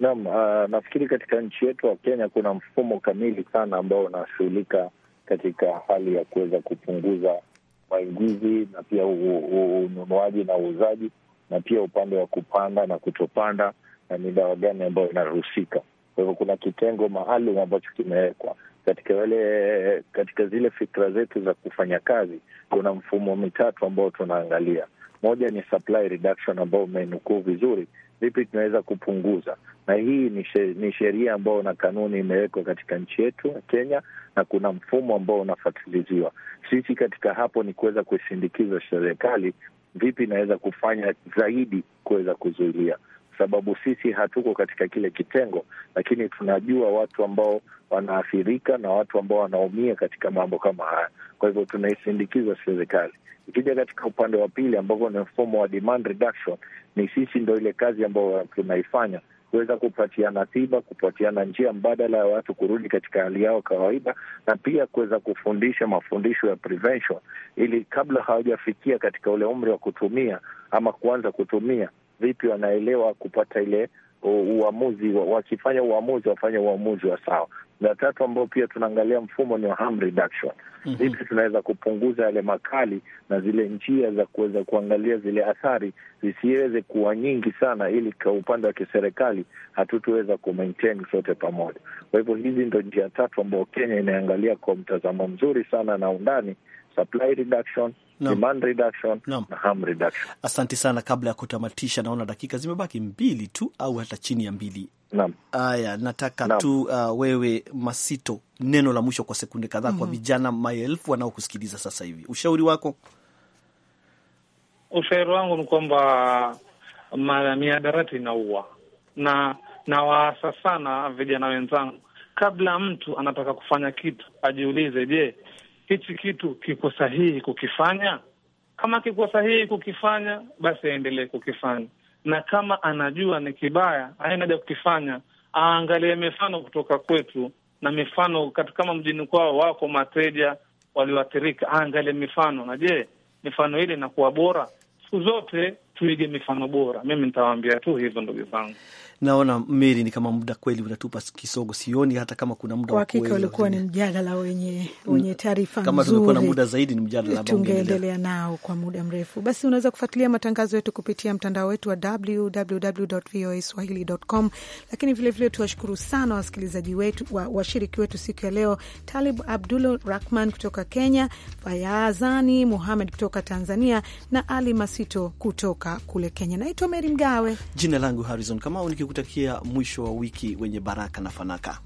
Naam, uh, nafikiri katika nchi yetu ya Kenya kuna mfumo kamili sana ambao unashughulika katika hali ya kuweza kupunguza maingizi na pia ununuaji na uuzaji, na pia upande wa kupanda na kutopanda na ni dawa gani ambayo inaruhusika. Kwa hivyo kuna kitengo maalum ambacho kimewekwa katika wale, katika zile fikra zetu za kufanya kazi. Kuna mfumo mitatu ambao tunaangalia. Moja ni supply reduction ambao umeinukuu vizuri vipi tunaweza kupunguza, na hii ni sheria ambayo na kanuni imewekwa katika nchi yetu ya Kenya, na kuna mfumo ambao unafatiliziwa. Sisi katika hapo ni kuweza kuisindikiza serikali, vipi inaweza kufanya zaidi kuweza kuzuilia sababu sisi hatuko katika kile kitengo, lakini tunajua watu ambao wanaathirika na watu ambao wanaumia katika mambo kama haya. Kwa hivyo tunaisindikiza serikali Ukija katika upande wa pili ambavyo ni mfumo wa demand reduction, ni sisi ndo ile kazi ambayo tunaifanya kuweza kupatiana tiba, kupatiana njia mbadala ya watu kurudi katika hali yao kawaida, na pia kuweza kufundisha mafundisho ya prevention, ili kabla hawajafikia katika ule umri wa kutumia ama kuanza kutumia, vipi wanaelewa kupata ile uamuzi, wakifanya uamuzi wafanye uamuzi wa sawa. La tatu ambayo pia tunaangalia mfumo ni wa harm reduction. Vipi mm -hmm. tunaweza kupunguza yale makali na zile njia za kuweza kuangalia zile athari zisiweze kuwa nyingi sana, ili kwa upande wa kiserikali hatutuweza ku sote pamoja. Kwa hivyo hizi ndo njia tatu ambayo Kenya inaangalia kwa mtazamo mzuri sana na undani supply reduction no. demand reduction no. na harm reduction. Asante sana. Kabla ya kutamatisha, naona dakika zimebaki mbili tu au hata chini ya mbili. Haya, na. nataka na. tu uh, wewe Masito, neno la mwisho kwa sekunde kadhaa mm -hmm. kwa mm-hmm. vijana maelfu wanaokusikiliza sasa hivi, ushauri wako? Ushauri wangu ni kwamba miadarati inaua na nawaasa sana vijana wenzangu, kabla mtu anataka kufanya kitu ajiulize, je, hichi kitu kiko sahihi kukifanya? Kama kiko sahihi kukifanya, basi aendelee kukifanya, na kama anajua ni kibaya, haina haja kukifanya. Aangalie mifano kutoka kwetu na mifano kama mjini kwao wako mateja walioathirika, aangalie mifano. Na je, mifano ile inakuwa bora? Siku zote tuige mifano bora. Mimi nitawaambia tu hivyo, ndugu zangu. Naona Meri, ni kama muda kweli unatupa kisogo, sioni hata kama kuna muda. Kwa hakika ulikuwa ni mjadala wenye, wenye mm. taarifa kama tungekuwa na muda zaidi, ni mjadala tungeendelea nao kwa muda mrefu. Basi unaweza kufuatilia matangazo yetu kupitia mtandao wetu wa www.voaswahili.com, lakini vilevile tuwashukuru sana wasikilizaji wetu, wa, washiriki wetu siku ya leo, Talib Abdul Rahman kutoka Kenya, Fayazani Muhamed kutoka Tanzania na Ali Masito kutoka kule Kenya. Naitwa Meri Mgawe, jina langu Harizon Kamau kutakia mwisho wa wiki wenye baraka na fanaka.